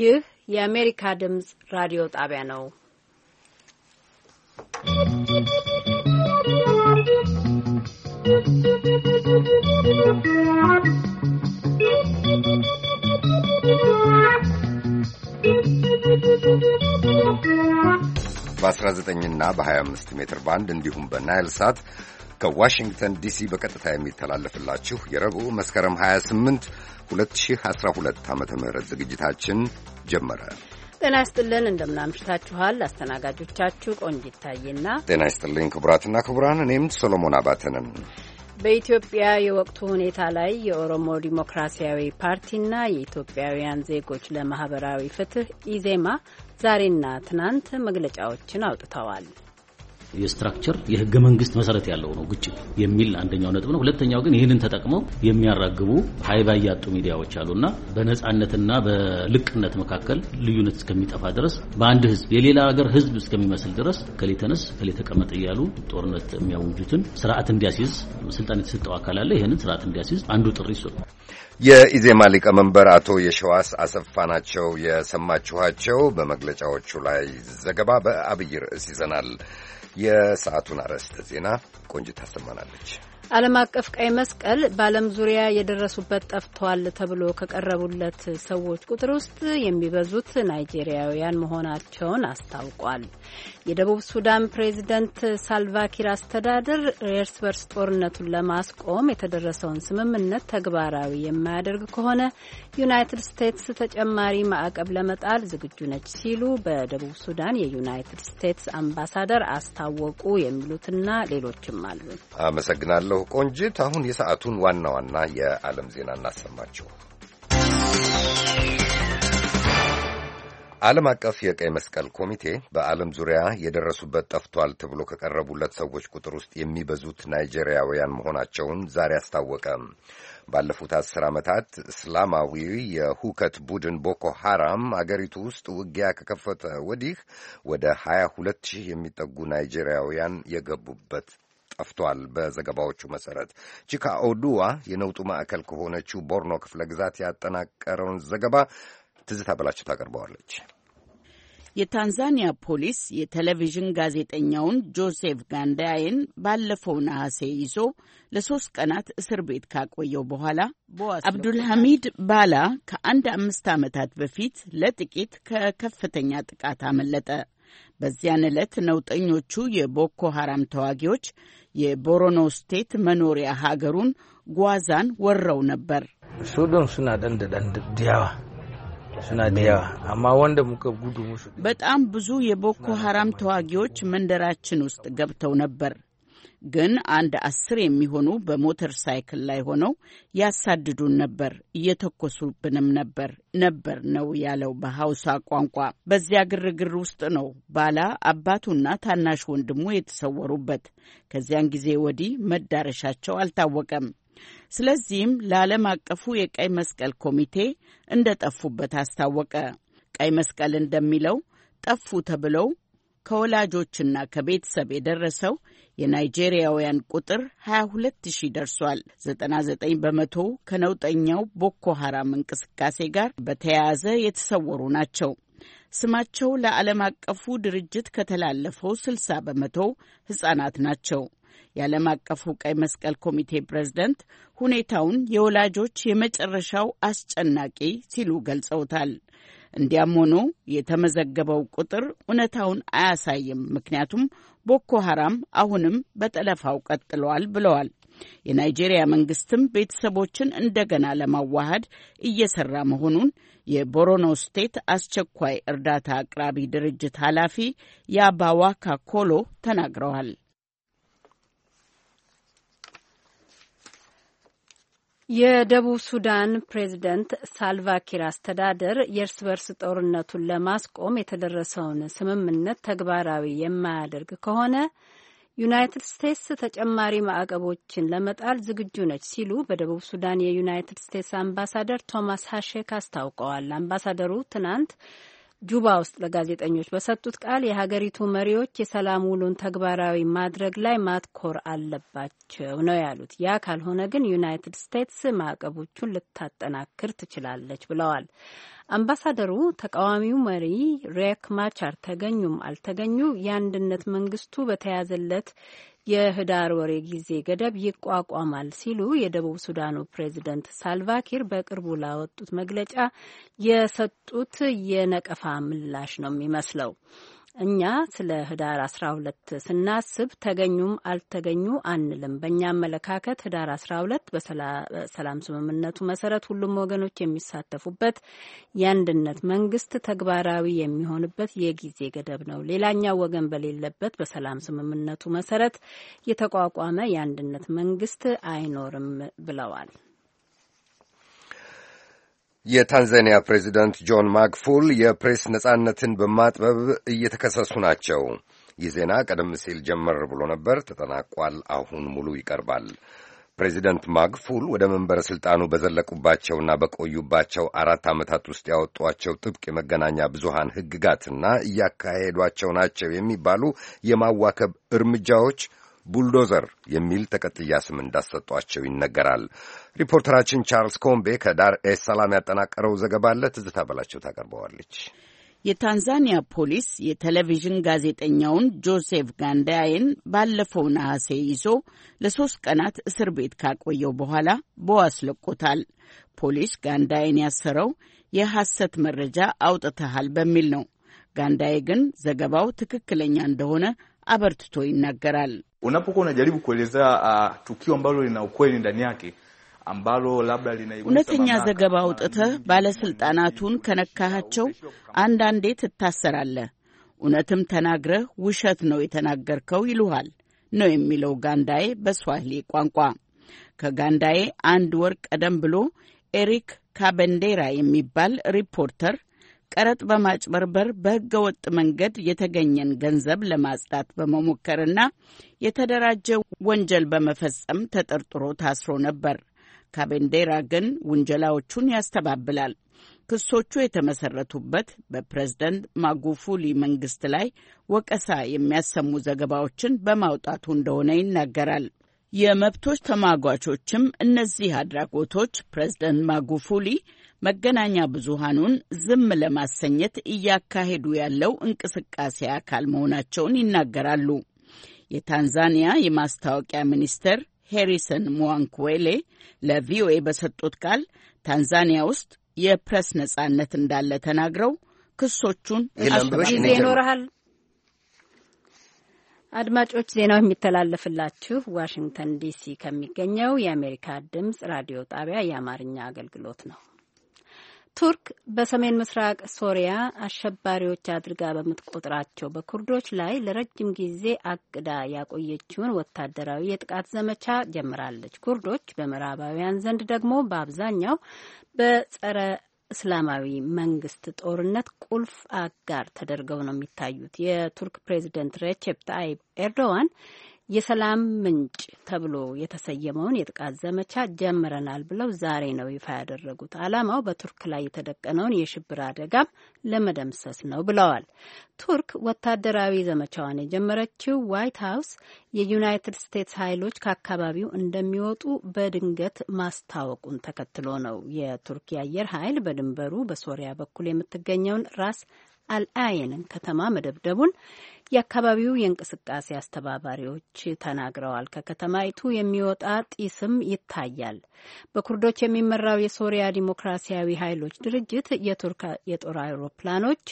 ይህ የአሜሪካ ድምፅ ራዲዮ ጣቢያ ነው። በ19 እና በ25 ሜትር ባንድ እንዲሁም በናይል ሳት ከዋሽንግተን ዲሲ በቀጥታ የሚተላለፍላችሁ የረቡዕ መስከረም 28 2012 ዓ ም ዝግጅታችን ጀመረ። ጤና ይስጥልን፣ እንደምናምሽታችኋል። አስተናጋጆቻችሁ ቆንጂት ታዬና ጤና ይስጥልኝ ክቡራትና ክቡራን፣ እኔም ሶሎሞን አባተንን በኢትዮጵያ የወቅቱ ሁኔታ ላይ የኦሮሞ ዲሞክራሲያዊ ፓርቲና የኢትዮጵያውያን ዜጎች ለማህበራዊ ፍትህ ኢዜማ ዛሬና ትናንት መግለጫዎችን አውጥተዋል። የስትራክቸር የህገ መንግስት መሰረት ያለው ነው ግጭት የሚል አንደኛው ነጥብ ነው። ሁለተኛው ግን ይህንን ተጠቅመው የሚያራግቡ ሀይባ ያጡ ሚዲያዎች አሉና በነጻነትና በልቅነት መካከል ልዩነት እስከሚጠፋ ድረስ በአንድ ህዝብ የሌላ ሀገር ህዝብ እስከሚመስል ድረስ ከሌተነስ ከሌተቀመጥ እያሉ ጦርነት የሚያውጁትን ስርዓት እንዲያስይዝ ስልጣን የተሰጠው አካል አለ። ይህንን ስርዓት እንዲያስይዝ አንዱ ጥሪ ይሰጡ። የኢዜማ ሊቀመንበር አቶ የሸዋስ አሰፋ ናቸው የሰማችኋቸው። በመግለጫዎቹ ላይ ዘገባ በአብይ ርዕስ ይዘናል። የሰዓቱን አርዕስተ ዜና ቆንጅት ታሰማናለች። ዓለም አቀፍ ቀይ መስቀል በዓለም ዙሪያ የደረሱበት ጠፍቷል ተብሎ ከቀረቡለት ሰዎች ቁጥር ውስጥ የሚበዙት ናይጄሪያውያን መሆናቸውን አስታውቋል። የደቡብ ሱዳን ፕሬዚደንት ሳልቫኪር አስተዳደር እርስ በርስ ጦርነቱን ለማስቆም የተደረሰውን ስምምነት ተግባራዊ የማያደርግ ከሆነ ዩናይትድ ስቴትስ ተጨማሪ ማዕቀብ ለመጣል ዝግጁ ነች ሲሉ በደቡብ ሱዳን የዩናይትድ ስቴትስ አምባሳደር አስታወቁ። የሚሉትና ሌሎችም አሉ። አመሰግናለሁ ቆንጅት። አሁን የሰዓቱን ዋና ዋና የዓለም ዜና እናሰማችሁ። ዓለም አቀፍ የቀይ መስቀል ኮሚቴ በዓለም ዙሪያ የደረሱበት ጠፍቷል ተብሎ ከቀረቡለት ሰዎች ቁጥር ውስጥ የሚበዙት ናይጄሪያውያን መሆናቸውን ዛሬ አስታወቀ። ባለፉት አስር ዓመታት እስላማዊ የሁከት ቡድን ቦኮ ሐራም አገሪቱ ውስጥ ውጊያ ከከፈተ ወዲህ ወደ 22 ሺህ የሚጠጉ ናይጄሪያውያን የገቡበት ጠፍቷል። በዘገባዎቹ መሠረት ቺካ ኦዱዋ የነውጡ ማዕከል ከሆነችው ቦርኖ ክፍለ ግዛት ያጠናቀረውን ዘገባ ትዝታ በላቸው ታቀርበዋለች። የታንዛኒያ ፖሊስ የቴሌቪዥን ጋዜጠኛውን ጆሴፍ ጋንዳይን ባለፈው ነሐሴ ይዞ ለሶስት ቀናት እስር ቤት ካቆየው በኋላ አብዱልሐሚድ ባላ ከአንድ አምስት ዓመታት በፊት ለጥቂት ከከፍተኛ ጥቃት አመለጠ። በዚያን ዕለት ነውጠኞቹ የቦኮ ሐራም ተዋጊዎች የቦሮኖ ስቴት መኖሪያ ሀገሩን ጓዛን ወረው ነበር። ሱዶን ሱና ደንድ ደንድ ዲያዋ በጣም ብዙ የቦኮ ሀራም ተዋጊዎች መንደራችን ውስጥ ገብተው ነበር። ግን አንድ አስር የሚሆኑ በሞተር ሳይክል ላይ ሆነው ያሳድዱን ነበር፣ እየተኮሱብንም ነበር ነበር ነው ያለው በሐውሳ ቋንቋ። በዚያ ግርግር ውስጥ ነው ባላ አባቱና ታናሽ ወንድሙ የተሰወሩበት። ከዚያን ጊዜ ወዲህ መዳረሻቸው አልታወቀም። ስለዚህም ለዓለም አቀፉ የቀይ መስቀል ኮሚቴ እንደጠፉበት አስታወቀ። ቀይ መስቀል እንደሚለው ጠፉ ተብለው ከወላጆችና ከቤተሰብ የደረሰው የናይጄሪያውያን ቁጥር 22000 ደርሷል። 99 በመቶ ከነውጠኛው ቦኮ ሐራም እንቅስቃሴ ጋር በተያያዘ የተሰወሩ ናቸው። ስማቸው ለዓለም አቀፉ ድርጅት ከተላለፈው 60 በመቶ ሕፃናት ናቸው። የዓለም አቀፉ ቀይ መስቀል ኮሚቴ ፕሬዝደንት ሁኔታውን የወላጆች የመጨረሻው አስጨናቂ ሲሉ ገልጸውታል። እንዲያም ሆኖ የተመዘገበው ቁጥር እውነታውን አያሳይም፣ ምክንያቱም ቦኮ ሐራም አሁንም በጠለፋው ቀጥለዋል ብለዋል። የናይጄሪያ መንግስትም ቤተሰቦችን እንደገና ለማዋሃድ እየሰራ መሆኑን የቦሮኖ ስቴት አስቸኳይ እርዳታ አቅራቢ ድርጅት ኃላፊ የአባዋካ ኮሎ ተናግረዋል። የደቡብ ሱዳን ፕሬዝደንት ሳልቫኪር አስተዳደር የእርስ በርስ ጦርነቱን ለማስቆም የተደረሰውን ስምምነት ተግባራዊ የማያደርግ ከሆነ ዩናይትድ ስቴትስ ተጨማሪ ማዕቀቦችን ለመጣል ዝግጁ ነች ሲሉ በደቡብ ሱዳን የዩናይትድ ስቴትስ አምባሳደር ቶማስ ሀሼክ አስታውቀዋል። አምባሳደሩ ትናንት ጁባ ውስጥ ለጋዜጠኞች በሰጡት ቃል የሀገሪቱ መሪዎች የሰላም ውሉን ተግባራዊ ማድረግ ላይ ማትኮር አለባቸው ነው ያሉት። ያ ካልሆነ ግን ዩናይትድ ስቴትስ ማዕቀቦቹን ልታጠናክር ትችላለች ብለዋል። አምባሳደሩ ተቃዋሚው መሪ ሪክ ማቻር ተገኙም አልተገኙ የአንድነት መንግስቱ በተያዘለት የህዳር ወሬ ጊዜ ገደብ ይቋቋማል ሲሉ የደቡብ ሱዳኑ ፕሬዚደንት ሳልቫኪር በቅርቡ ላወጡት መግለጫ የሰጡት የነቀፋ ምላሽ ነው የሚመስለው። እኛ ስለ ህዳር 12 ስናስብ ተገኙም አልተገኙ አንልም። በእኛ አመለካከት ህዳር 12 በሰላም ስምምነቱ መሰረት ሁሉም ወገኖች የሚሳተፉበት የአንድነት መንግስት ተግባራዊ የሚሆንበት የጊዜ ገደብ ነው። ሌላኛው ወገን በሌለበት በሰላም ስምምነቱ መሰረት የተቋቋመ የአንድነት መንግስት አይኖርም ብለዋል። የታንዛኒያ ፕሬዚደንት ጆን ማግፉል የፕሬስ ነጻነትን በማጥበብ እየተከሰሱ ናቸው። ይህ ዜና ቀደም ሲል ጀመር ብሎ ነበር፣ ተጠናቋል። አሁን ሙሉ ይቀርባል። ፕሬዚደንት ማግፉል ወደ መንበረ ሥልጣኑ በዘለቁባቸውና በቆዩባቸው አራት ዓመታት ውስጥ ያወጧቸው ጥብቅ የመገናኛ ብዙሃን ሕግጋትና እያካሄዷቸው ናቸው የሚባሉ የማዋከብ እርምጃዎች ቡልዶዘር የሚል ተቀጥያ ስም እንዳሰጧቸው ይነገራል። ሪፖርተራችን ቻርልስ ኮምቤ ከዳር ኤስ ሰላም ያጠናቀረው ዘገባ አለ ትዝታ በላቸው ታቀርበዋለች። የታንዛኒያ ፖሊስ የቴሌቪዥን ጋዜጠኛውን ጆሴፍ ጋንዳያይን ባለፈው ነሐሴ ይዞ ለሶስት ቀናት እስር ቤት ካቆየው በኋላ በዋስ ለቆታል። ፖሊስ ጋንዳይን ያሰረው የሐሰት መረጃ አውጥተሃል በሚል ነው። ጋንዳይ ግን ዘገባው ትክክለኛ እንደሆነ አበርትቶ ይናገራል። unapokuwa unajaribu kuelezea uh, tukio ambalo lina ukweli ndani yake ambalo labda lina እውነተኛ ዘገባ አውጥተህ ባለስልጣናቱን ከነካሃቸው አንዳንዴ ትታሰራለህ። እውነትም ተናግረህ ውሸት ነው የተናገርከው ይሉሃል ነው የሚለው ጋንዳዬ በስዋሂሊ ቋንቋ። ከጋንዳዬ አንድ ወር ቀደም ብሎ ኤሪክ ካበንዴራ የሚባል ሪፖርተር ቀረጥ በማጭበርበር በሕገ ወጥ መንገድ የተገኘን ገንዘብ ለማጽዳት በመሞከርና የተደራጀ ወንጀል በመፈጸም ተጠርጥሮ ታስሮ ነበር። ካቤንዴራ ግን ውንጀላዎቹን ያስተባብላል። ክሶቹ የተመሰረቱበት በፕሬዝደንት ማጉፉሊ መንግስት ላይ ወቀሳ የሚያሰሙ ዘገባዎችን በማውጣቱ እንደሆነ ይናገራል። የመብቶች ተሟጋቾችም እነዚህ አድራጎቶች ፕሬዝደንት ማጉፉሊ መገናኛ ብዙሃኑን ዝም ለማሰኘት እያካሄዱ ያለው እንቅስቃሴ አካል መሆናቸውን ይናገራሉ። የታንዛኒያ የማስታወቂያ ሚኒስትር ሄሪሰን ሙዋንኩዌሌ ለቪኦኤ በሰጡት ቃል ታንዛኒያ ውስጥ የፕሬስ ነጻነት እንዳለ ተናግረው ክሶቹን ጊዜ ይኖረሃል። አድማጮች ዜናው የሚተላለፍላችሁ ዋሽንግተን ዲሲ ከሚገኘው የአሜሪካ ድምፅ ራዲዮ ጣቢያ የአማርኛ አገልግሎት ነው። ቱርክ በሰሜን ምስራቅ ሶሪያ አሸባሪዎች አድርጋ በምትቆጥራቸው በኩርዶች ላይ ለረጅም ጊዜ አቅዳ ያቆየችውን ወታደራዊ የጥቃት ዘመቻ ጀምራለች። ኩርዶች በምዕራባውያን ዘንድ ደግሞ በአብዛኛው በጸረ እስላማዊ መንግስት ጦርነት ቁልፍ አጋር ተደርገው ነው የሚታዩት። የቱርክ ፕሬዚደንት ሬቼፕ ታይብ ኤርዶዋን የሰላም ምንጭ ተብሎ የተሰየመውን የጥቃት ዘመቻ ጀምረናል ብለው ዛሬ ነው ይፋ ያደረጉት። ዓላማው በቱርክ ላይ የተደቀነውን የሽብር አደጋም ለመደምሰስ ነው ብለዋል። ቱርክ ወታደራዊ ዘመቻዋን የጀመረችው ዋይት ሀውስ የዩናይትድ ስቴትስ ኃይሎች ከአካባቢው እንደሚወጡ በድንገት ማስታወቁን ተከትሎ ነው። የቱርክ የአየር ኃይል በድንበሩ በሶሪያ በኩል የምትገኘውን ራስ አልአየንን ከተማ መደብደቡን የአካባቢው የእንቅስቃሴ አስተባባሪዎች ተናግረዋል። ከከተማይቱ የሚወጣ ጢስም ይታያል። በኩርዶች የሚመራው የሶሪያ ዲሞክራሲያዊ ኃይሎች ድርጅት የቱርክ የጦር አውሮፕላኖች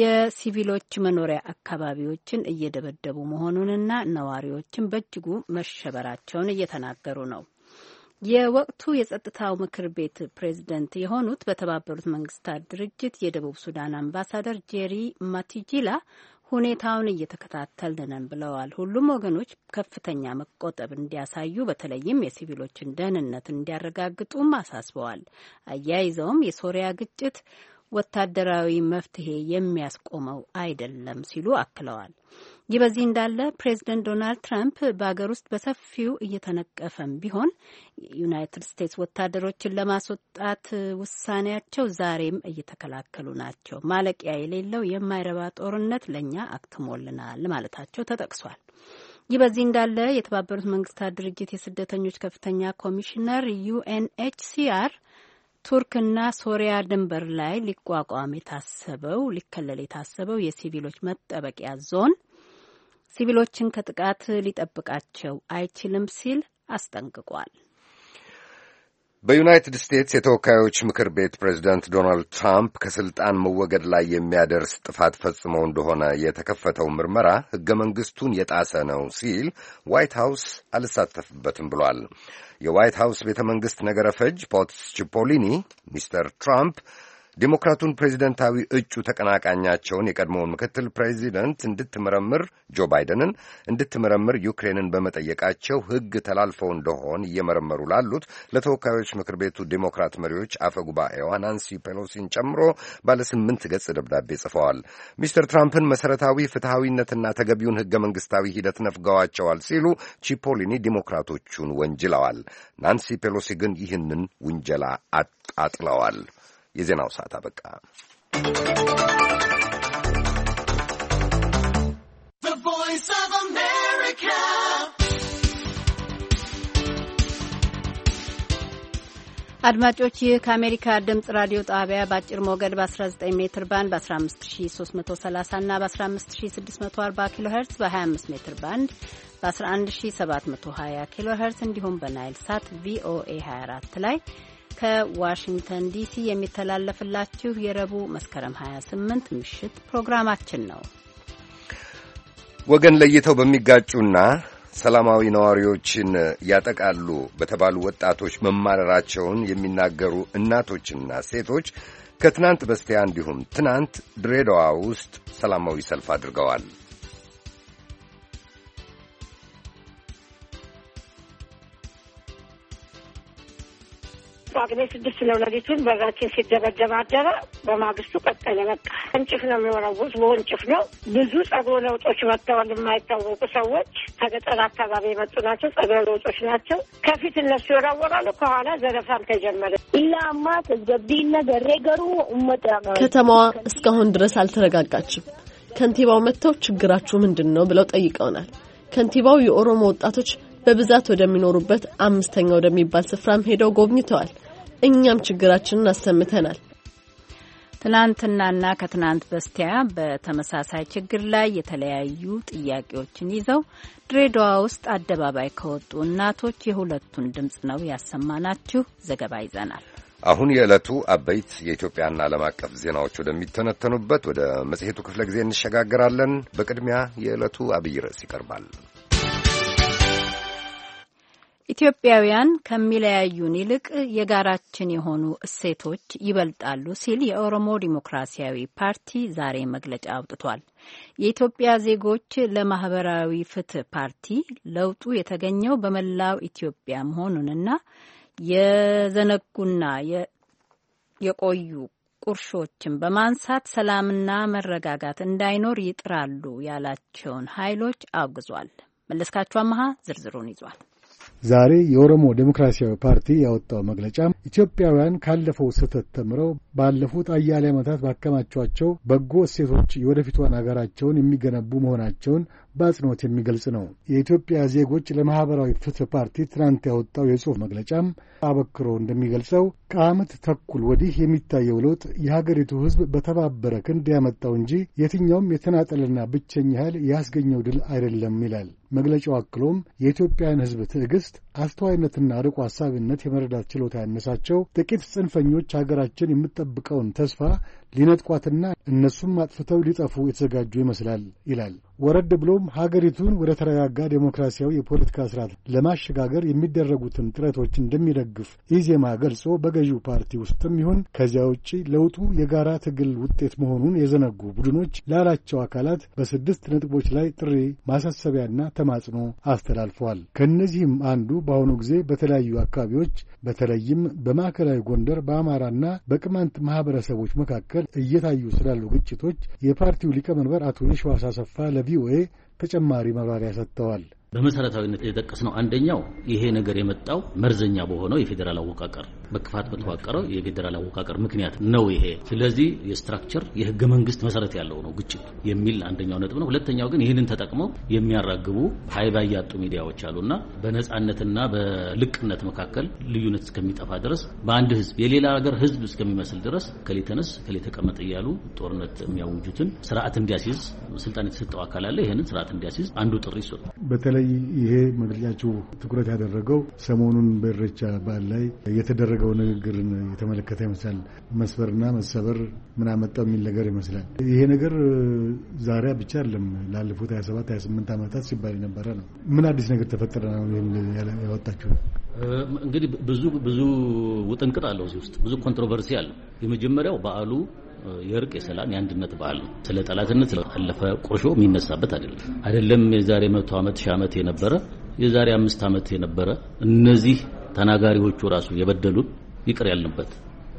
የሲቪሎች መኖሪያ አካባቢዎችን እየደበደቡ መሆኑንና ነዋሪዎችን በእጅጉ መሸበራቸውን እየተናገሩ ነው። የወቅቱ የጸጥታው ምክር ቤት ፕሬዝደንት የሆኑት በተባበሩት መንግስታት ድርጅት የደቡብ ሱዳን አምባሳደር ጄሪ ማቲጂላ ሁኔታውን እየተከታተልን ነን ብለዋል። ሁሉም ወገኖች ከፍተኛ መቆጠብ እንዲያሳዩ በተለይም የሲቪሎችን ደህንነት እንዲያረጋግጡም አሳስበዋል። አያይዘውም የሶሪያ ግጭት ወታደራዊ መፍትሄ የሚያስቆመው አይደለም ሲሉ አክለዋል። ይህ በዚህ እንዳለ ፕሬዚደንት ዶናልድ ትራምፕ በሀገር ውስጥ በሰፊው እየተነቀፈም ቢሆን ዩናይትድ ስቴትስ ወታደሮችን ለማስወጣት ውሳኔያቸው ዛሬም እየተከላከሉ ናቸው። ማለቂያ የሌለው የማይረባ ጦርነት ለእኛ አክትሞልናል ማለታቸው ተጠቅሷል። ይህ በዚህ እንዳለ የተባበሩት መንግስታት ድርጅት የስደተኞች ከፍተኛ ኮሚሽነር ዩኤንኤችሲአር ቱርክና ሶሪያ ድንበር ላይ ሊቋቋም የታሰበው ሊከለል የታሰበው የሲቪሎች መጠበቂያ ዞን ሲቪሎችን ከጥቃት ሊጠብቃቸው አይችልም ሲል አስጠንቅቋል። በዩናይትድ ስቴትስ የተወካዮች ምክር ቤት ፕሬዚደንት ዶናልድ ትራምፕ ከሥልጣን መወገድ ላይ የሚያደርስ ጥፋት ፈጽመው እንደሆነ የተከፈተው ምርመራ ሕገ መንግሥቱን የጣሰ ነው ሲል ዋይት ሃውስ አልሳተፍበትም ብሏል። የዋይት ሃውስ ቤተ መንግሥት ነገረ ፈጅ ፖትስ ቺፖሊኒ ሚስተር ትራምፕ ዴሞክራቱን ፕሬዚደንታዊ እጩ ተቀናቃኛቸውን የቀድሞውን ምክትል ፕሬዚደንት እንድትመረምር ጆ ባይደንን እንድትመረምር ዩክሬንን በመጠየቃቸው ሕግ ተላልፈው እንደሆን እየመረመሩ ላሉት ለተወካዮች ምክር ቤቱ ዴሞክራት መሪዎች አፈ ጉባኤዋ ናንሲ ፔሎሲን ጨምሮ ባለ ስምንት ገጽ ደብዳቤ ጽፈዋል። ሚስተር ትራምፕን መሠረታዊ ፍትሐዊነትና ተገቢውን ሕገ መንግሥታዊ ሂደት ነፍገዋቸዋል ሲሉ ቺፖሊኒ ዲሞክራቶቹን ወንጅለዋል። ናንሲ ፔሎሲ ግን ይህንን ውንጀላ አጣጥለዋል። የዜናው ሰዓት አበቃ። አድማጮች ይህ ከአሜሪካ ድምጽ ራዲዮ ጣቢያ በአጭር ሞገድ በ19 ሜትር ባንድ በ15330 እና በ15640 ኪሎ ሄርትስ በ25 ሜትር ባንድ በ11720 ኪሎ ሄርትስ እንዲሁም በናይል ሳት ቪኦኤ 24 ላይ ከዋሽንግተን ዲሲ የሚተላለፍላችሁ የረቡዕ መስከረም 28 ምሽት ፕሮግራማችን ነው። ወገን ለይተው በሚጋጩና ሰላማዊ ነዋሪዎችን ያጠቃሉ በተባሉ ወጣቶች መማረራቸውን የሚናገሩ እናቶችና ሴቶች ከትናንት በስቲያ እንዲሁም ትናንት ድሬዳዋ ውስጥ ሰላማዊ ሰልፍ አድርገዋል። ጳጉሜ ስድስት ነው ለሊቱን በጋችን ሲደበደብ አደረ። በማግስቱ ቀጠለ። በቃ እንጭፍ ነው የሚወረውት፣ በወንጭፍ ነው። ብዙ ጸጉር ለውጦች መጥተዋል። የማይታወቁ ሰዎች ከገጠር አካባቢ የመጡ ናቸው። ጸጉር ለውጦች ናቸው። ከፊት እነሱ ይወራወራሉ፣ ከኋላ ዘረፋም ተጀመረ። ኢላማ ተዘቢና ገሬገሩ እመጣ ከተማዋ እስካሁን ድረስ አልተረጋጋችም። ከንቲባው መጥተው ችግራችሁ ምንድን ነው ብለው ጠይቀውናል። ከንቲባው የኦሮሞ ወጣቶች በብዛት ወደሚኖሩበት አምስተኛ ወደሚባል ስፍራም ሄደው ጎብኝተዋል። እኛም ችግራችንን አሰምተናል። ትናንትናና ከትናንት በስቲያ በተመሳሳይ ችግር ላይ የተለያዩ ጥያቄዎችን ይዘው ድሬዳዋ ውስጥ አደባባይ ከወጡ እናቶች የሁለቱን ድምፅ ነው ያሰማናችሁ። ዘገባ ይዘናል። አሁን የዕለቱ አበይት የኢትዮጵያና ዓለም አቀፍ ዜናዎች ወደሚተነተኑበት ወደ መጽሔቱ ክፍለ ጊዜ እንሸጋግራለን። በቅድሚያ የዕለቱ አብይ ርዕስ ይቀርባል። ኢትዮጵያውያን ከሚለያዩን ይልቅ የጋራችን የሆኑ እሴቶች ይበልጣሉ ሲል የኦሮሞ ዲሞክራሲያዊ ፓርቲ ዛሬ መግለጫ አውጥቷል። የኢትዮጵያ ዜጎች ለማህበራዊ ፍትህ ፓርቲ ለውጡ የተገኘው በመላው ኢትዮጵያ መሆኑንና የዘነጉና የቆዩ ቁርሾችን በማንሳት ሰላምና መረጋጋት እንዳይኖር ይጥራሉ ያላቸውን ኃይሎች አውግዟል። መለስካቸው አመሃ ዝርዝሩን ይዟል። ዛሬ የኦሮሞ ዴሞክራሲያዊ ፓርቲ ያወጣው መግለጫ ኢትዮጵያውያን ካለፈው ስህተት ተምረው ባለፉት አያሌ ዓመታት ባከማቸቸው በጎ እሴቶች የወደፊቷን አገራቸውን የሚገነቡ መሆናቸውን በአጽንኦት የሚገልጽ ነው። የኢትዮጵያ ዜጎች ለማኅበራዊ ፍትሕ ፓርቲ ትናንት ያወጣው የጽሑፍ መግለጫም አበክሮ እንደሚገልጸው ከዓመት ተኩል ወዲህ የሚታየው ለውጥ የሀገሪቱ ሕዝብ በተባበረ ክንድ ያመጣው እንጂ የትኛውም የተናጠልና ብቸኛ ኃይል ያስገኘው ድል አይደለም ይላል። መግለጫው አክሎም የኢትዮጵያን ሕዝብ ትዕግሥት፣ አስተዋይነትና ርቆ ሐሳቢነት የመረዳት ችሎታ ያነሳቸው ጥቂት ጽንፈኞች ሀገራችን የምትጠብቀውን ተስፋ ሊነጥቋትና እነሱም አጥፍተው ሊጠፉ የተዘጋጁ ይመስላል ይላል። ወረድ ብሎም ሀገሪቱን ወደ ተረጋጋ ዴሞክራሲያዊ የፖለቲካ ስርዓት ለማሸጋገር የሚደረጉትን ጥረቶች እንደሚደግፍ ኢዜማ ገልጾ በገዢው ፓርቲ ውስጥም ይሁን ከዚያ ውጪ ለውጡ የጋራ ትግል ውጤት መሆኑን የዘነጉ ቡድኖች ላላቸው አካላት በስድስት ነጥቦች ላይ ጥሪ ማሳሰቢያና ተማጽኖ አስተላልፈዋል። ከእነዚህም አንዱ በአሁኑ ጊዜ በተለያዩ አካባቢዎች በተለይም በማዕከላዊ ጎንደር በአማራና በቅማንት ማኅበረሰቦች መካከል በክልል እየታዩ ስላሉ ግጭቶች የፓርቲው ሊቀመንበር አቶ የሸዋስ አሰፋ ለቪኦኤ ተጨማሪ መብራሪያ ሰጥተዋል። በመሰረታዊነት ነው አንደኛው ይሄ ነገር የመጣው መርዘኛ በሆነው የፌዴራል አወቃቀር በክፋት በተዋቀረው የፌዴራል አወቃቀር ምክንያት ነው ይሄ። ስለዚህ የስትራክቸር የህገ መንግስት መሰረት ያለው ነው ግጭት የሚል አንደኛው ነጥብ ነው። ሁለተኛው ግን ይህንን ተጠቅመው የሚያራግቡ ሀይባ ያጡ ሚዲያዎች አሉና በነጻነትና በልቅነት መካከል ልዩነት እስከሚጠፋ ድረስ በአንድ ህዝብ የሌላ ሀገር ህዝብ እስከሚመስል ድረስ ከሌተነስ ከሌተቀመጥ እያሉ ጦርነት የሚያውጁትን ስርዓት እንዲያስይዝ ስልጣን የተሰጠው አካል አለ። ይህንን ስርዓት እንዲያስይዝ አንዱ ጥሪ ይሰጡ። በተለይ ይሄ መግለጫችሁ ትኩረት ያደረገው ሰሞኑን በኢሬቻ በዓል ላይ የተደረገ ያደረገው ንግግር የተመለከተ ይመስላል። መስበርና መሰበር ምን አመጣው የሚል ነገር ይመስላል። ይሄ ነገር ዛሬ ብቻ አይደለም፣ ላለፉት 27 28 ዓመታት ሲባል የነበረ ነው። ምን አዲስ ነገር ተፈጠረ ነው ያወጣችሁ? እንግዲህ ብዙ ብዙ ውጥንቅጥ አለው እዚህ ውስጥ ብዙ ኮንትሮቨርሲ አለው። የመጀመሪያው በዓሉ የእርቅ የሰላም የአንድነት በዓል ነው። ስለ ጠላትነት ስለአለፈ ቆሾ የሚነሳበት አይደለም። አይደለም የዛሬ መቶ ዓመት ሺህ ዓመት የነበረ የዛሬ አምስት ዓመት የነበረ እነዚህ ተናጋሪዎቹ ራሱ የበደሉን ይቅር ያልንበት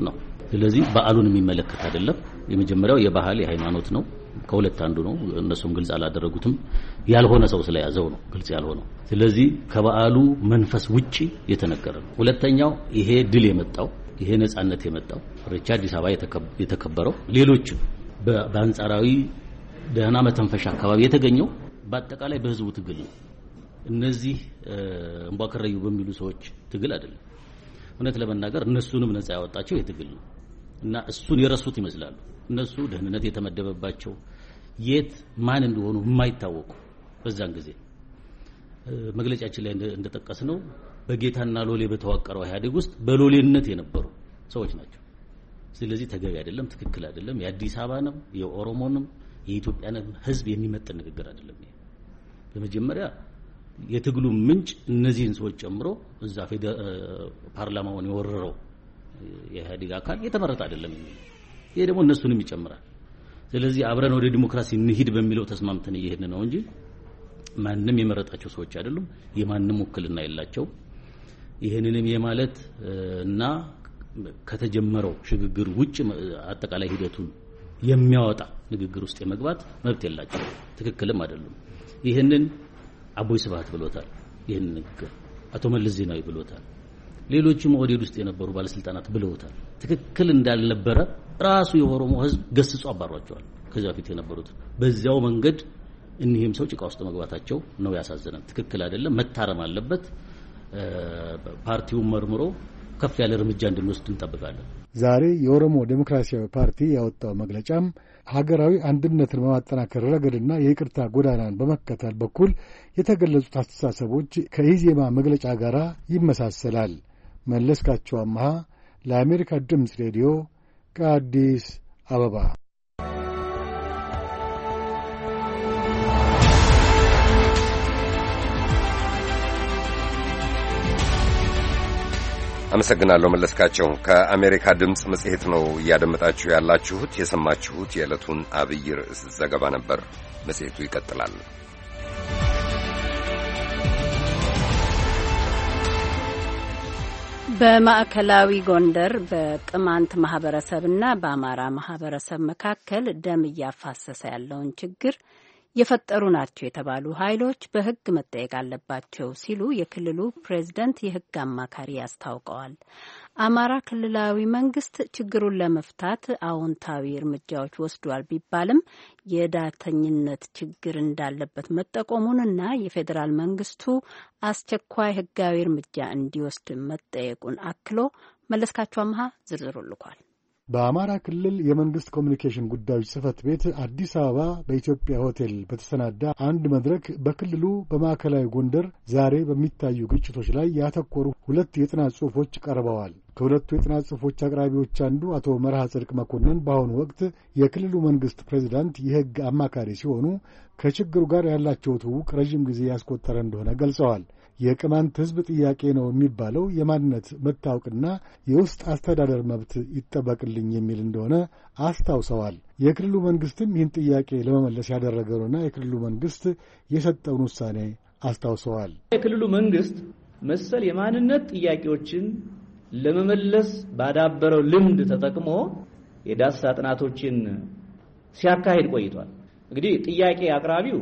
ነው። ስለዚህ በዓሉን የሚመለከት አይደለም። የመጀመሪያው የባህል የሃይማኖት ነው። ከሁለት አንዱ ነው። እነሱም ግልጽ አላደረጉትም። ያልሆነ ሰው ስለያዘው ነው ግልጽ ያልሆነው። ስለዚህ ከበዓሉ መንፈስ ውጪ የተነገረ ነው። ሁለተኛው ይሄ ድል የመጣው ይሄ ነጻነት የመጣው ሬቻ አዲስ አበባ የተከበረው ሌሎችም በአንጻራዊ ደህና መተንፈሻ አካባቢ የተገኘው በአጠቃላይ በህዝቡ ትግል ነው። እነዚህ እንቧከረዩ በሚሉ ሰዎች ትግል አይደለም። እውነት ለመናገር እነሱንም ነጻ ያወጣቸው የትግል ነው እና እሱን የረሱት ይመስላሉ። እነሱ ደህንነት የተመደበባቸው የት ማን እንደሆኑ የማይታወቁ በዛን ጊዜ መግለጫችን ላይ እንደጠቀስ ነው በጌታና ሎሌ በተዋቀረው ኢህአዴግ ውስጥ በሎሌነት የነበሩ ሰዎች ናቸው። ስለዚህ ተገቢ አይደለም፣ ትክክል አይደለም። የአዲስ አበባንም የኦሮሞንም የኢትዮጵያንም ሕዝብ የሚመጥን ንግግር አይደለም። በመጀመሪያ የትግሉ ምንጭ እነዚህን ሰዎች ጨምሮ እዛ ፓርላማውን የወረረው የኢህአዴግ አካል የተመረጠ አይደለም። ይሄ ደግሞ እነሱንም ይጨምራል። ስለዚህ አብረን ወደ ዲሞክራሲ እንሂድ በሚለው ተስማምተን እየሄድን ነው እንጂ ማንም የመረጣቸው ሰዎች አይደሉም። የማንም ውክልና የላቸው። ይህንንም የማለት እና ከተጀመረው ሽግግር ውጭ አጠቃላይ ሂደቱን የሚያወጣ ንግግር ውስጥ የመግባት መብት የላቸው። ትክክልም አይደሉም። ይህንን አቦይ ስብሃት ብሎታል። ይህን ንግግር አቶ መለስ ዜናዊ ብሎታል። ሌሎችም ኦህዴድ ውስጥ የነበሩ ባለስልጣናት ብለውታል። ትክክል እንዳልነበረ ራሱ የኦሮሞ ህዝብ ገስጾ አባሯቸዋል። ከዚ በፊት የነበሩት በዚያው መንገድ እኒህም ሰው ጭቃ ውስጥ መግባታቸው ነው ያሳዘነን። ትክክል አይደለም፣ መታረም አለበት። ፓርቲውን መርምሮ ከፍ ያለ እርምጃ እንድንወስድ እንጠብቃለን። ዛሬ የኦሮሞ ዴሞክራሲያዊ ፓርቲ ያወጣው መግለጫም ሀገራዊ አንድነትን በማጠናከር ረገድና የይቅርታ ጎዳናን በመከተል በኩል የተገለጹት አስተሳሰቦች ከኢዜማ መግለጫ ጋር ይመሳሰላል። መለስካቸው አምሃ ለአሜሪካ ድምፅ ሬዲዮ ከአዲስ አበባ አመሰግናለሁ መለስካቸው። ከአሜሪካ ድምፅ መጽሔት ነው እያደመጣችሁ ያላችሁት። የሰማችሁት የዕለቱን አብይ ርዕስ ዘገባ ነበር። መጽሔቱ ይቀጥላል። በማዕከላዊ ጎንደር በቅማንት ማህበረሰብና በአማራ ማህበረሰብ መካከል ደም እያፋሰሰ ያለውን ችግር የፈጠሩ ናቸው የተባሉ ኃይሎች በሕግ መጠየቅ አለባቸው ሲሉ የክልሉ ፕሬዝደንት የሕግ አማካሪ አስታውቀዋል። አማራ ክልላዊ መንግስት ችግሩን ለመፍታት አዎንታዊ እርምጃዎች ወስዷል ቢባልም የዳተኝነት ችግር እንዳለበት መጠቆሙንና የፌዴራል መንግስቱ አስቸኳይ ሕጋዊ እርምጃ እንዲወስድ መጠየቁን አክሎ መለስካቸው አምሃ ዝርዝሩ ልኳል። በአማራ ክልል የመንግሥት ኮሚኒኬሽን ጉዳዮች ጽሕፈት ቤት አዲስ አበባ በኢትዮጵያ ሆቴል በተሰናዳ አንድ መድረክ በክልሉ በማዕከላዊ ጎንደር ዛሬ በሚታዩ ግጭቶች ላይ ያተኮሩ ሁለት የጥናት ጽሑፎች ቀርበዋል። ከሁለቱ የጥናት ጽሑፎች አቅራቢዎች አንዱ አቶ መርሃ ጽድቅ መኮንን በአሁኑ ወቅት የክልሉ መንግሥት ፕሬዚዳንት የሕግ አማካሪ ሲሆኑ ከችግሩ ጋር ያላቸው ትውውቅ ረዥም ጊዜ ያስቆጠረ እንደሆነ ገልጸዋል። የቅማንት ሕዝብ ጥያቄ ነው የሚባለው የማንነት መታወቅና የውስጥ አስተዳደር መብት ይጠበቅልኝ የሚል እንደሆነ አስታውሰዋል። የክልሉ መንግሥትም ይህን ጥያቄ ለመመለስ ያደረገውንና የክልሉ መንግሥት የሰጠውን ውሳኔ አስታውሰዋል። የክልሉ መንግሥት መሰል የማንነት ጥያቄዎችን ለመመለስ ባዳበረው ልምድ ተጠቅሞ የዳሰሳ ጥናቶችን ሲያካሂድ ቆይቷል። እንግዲህ ጥያቄ አቅራቢው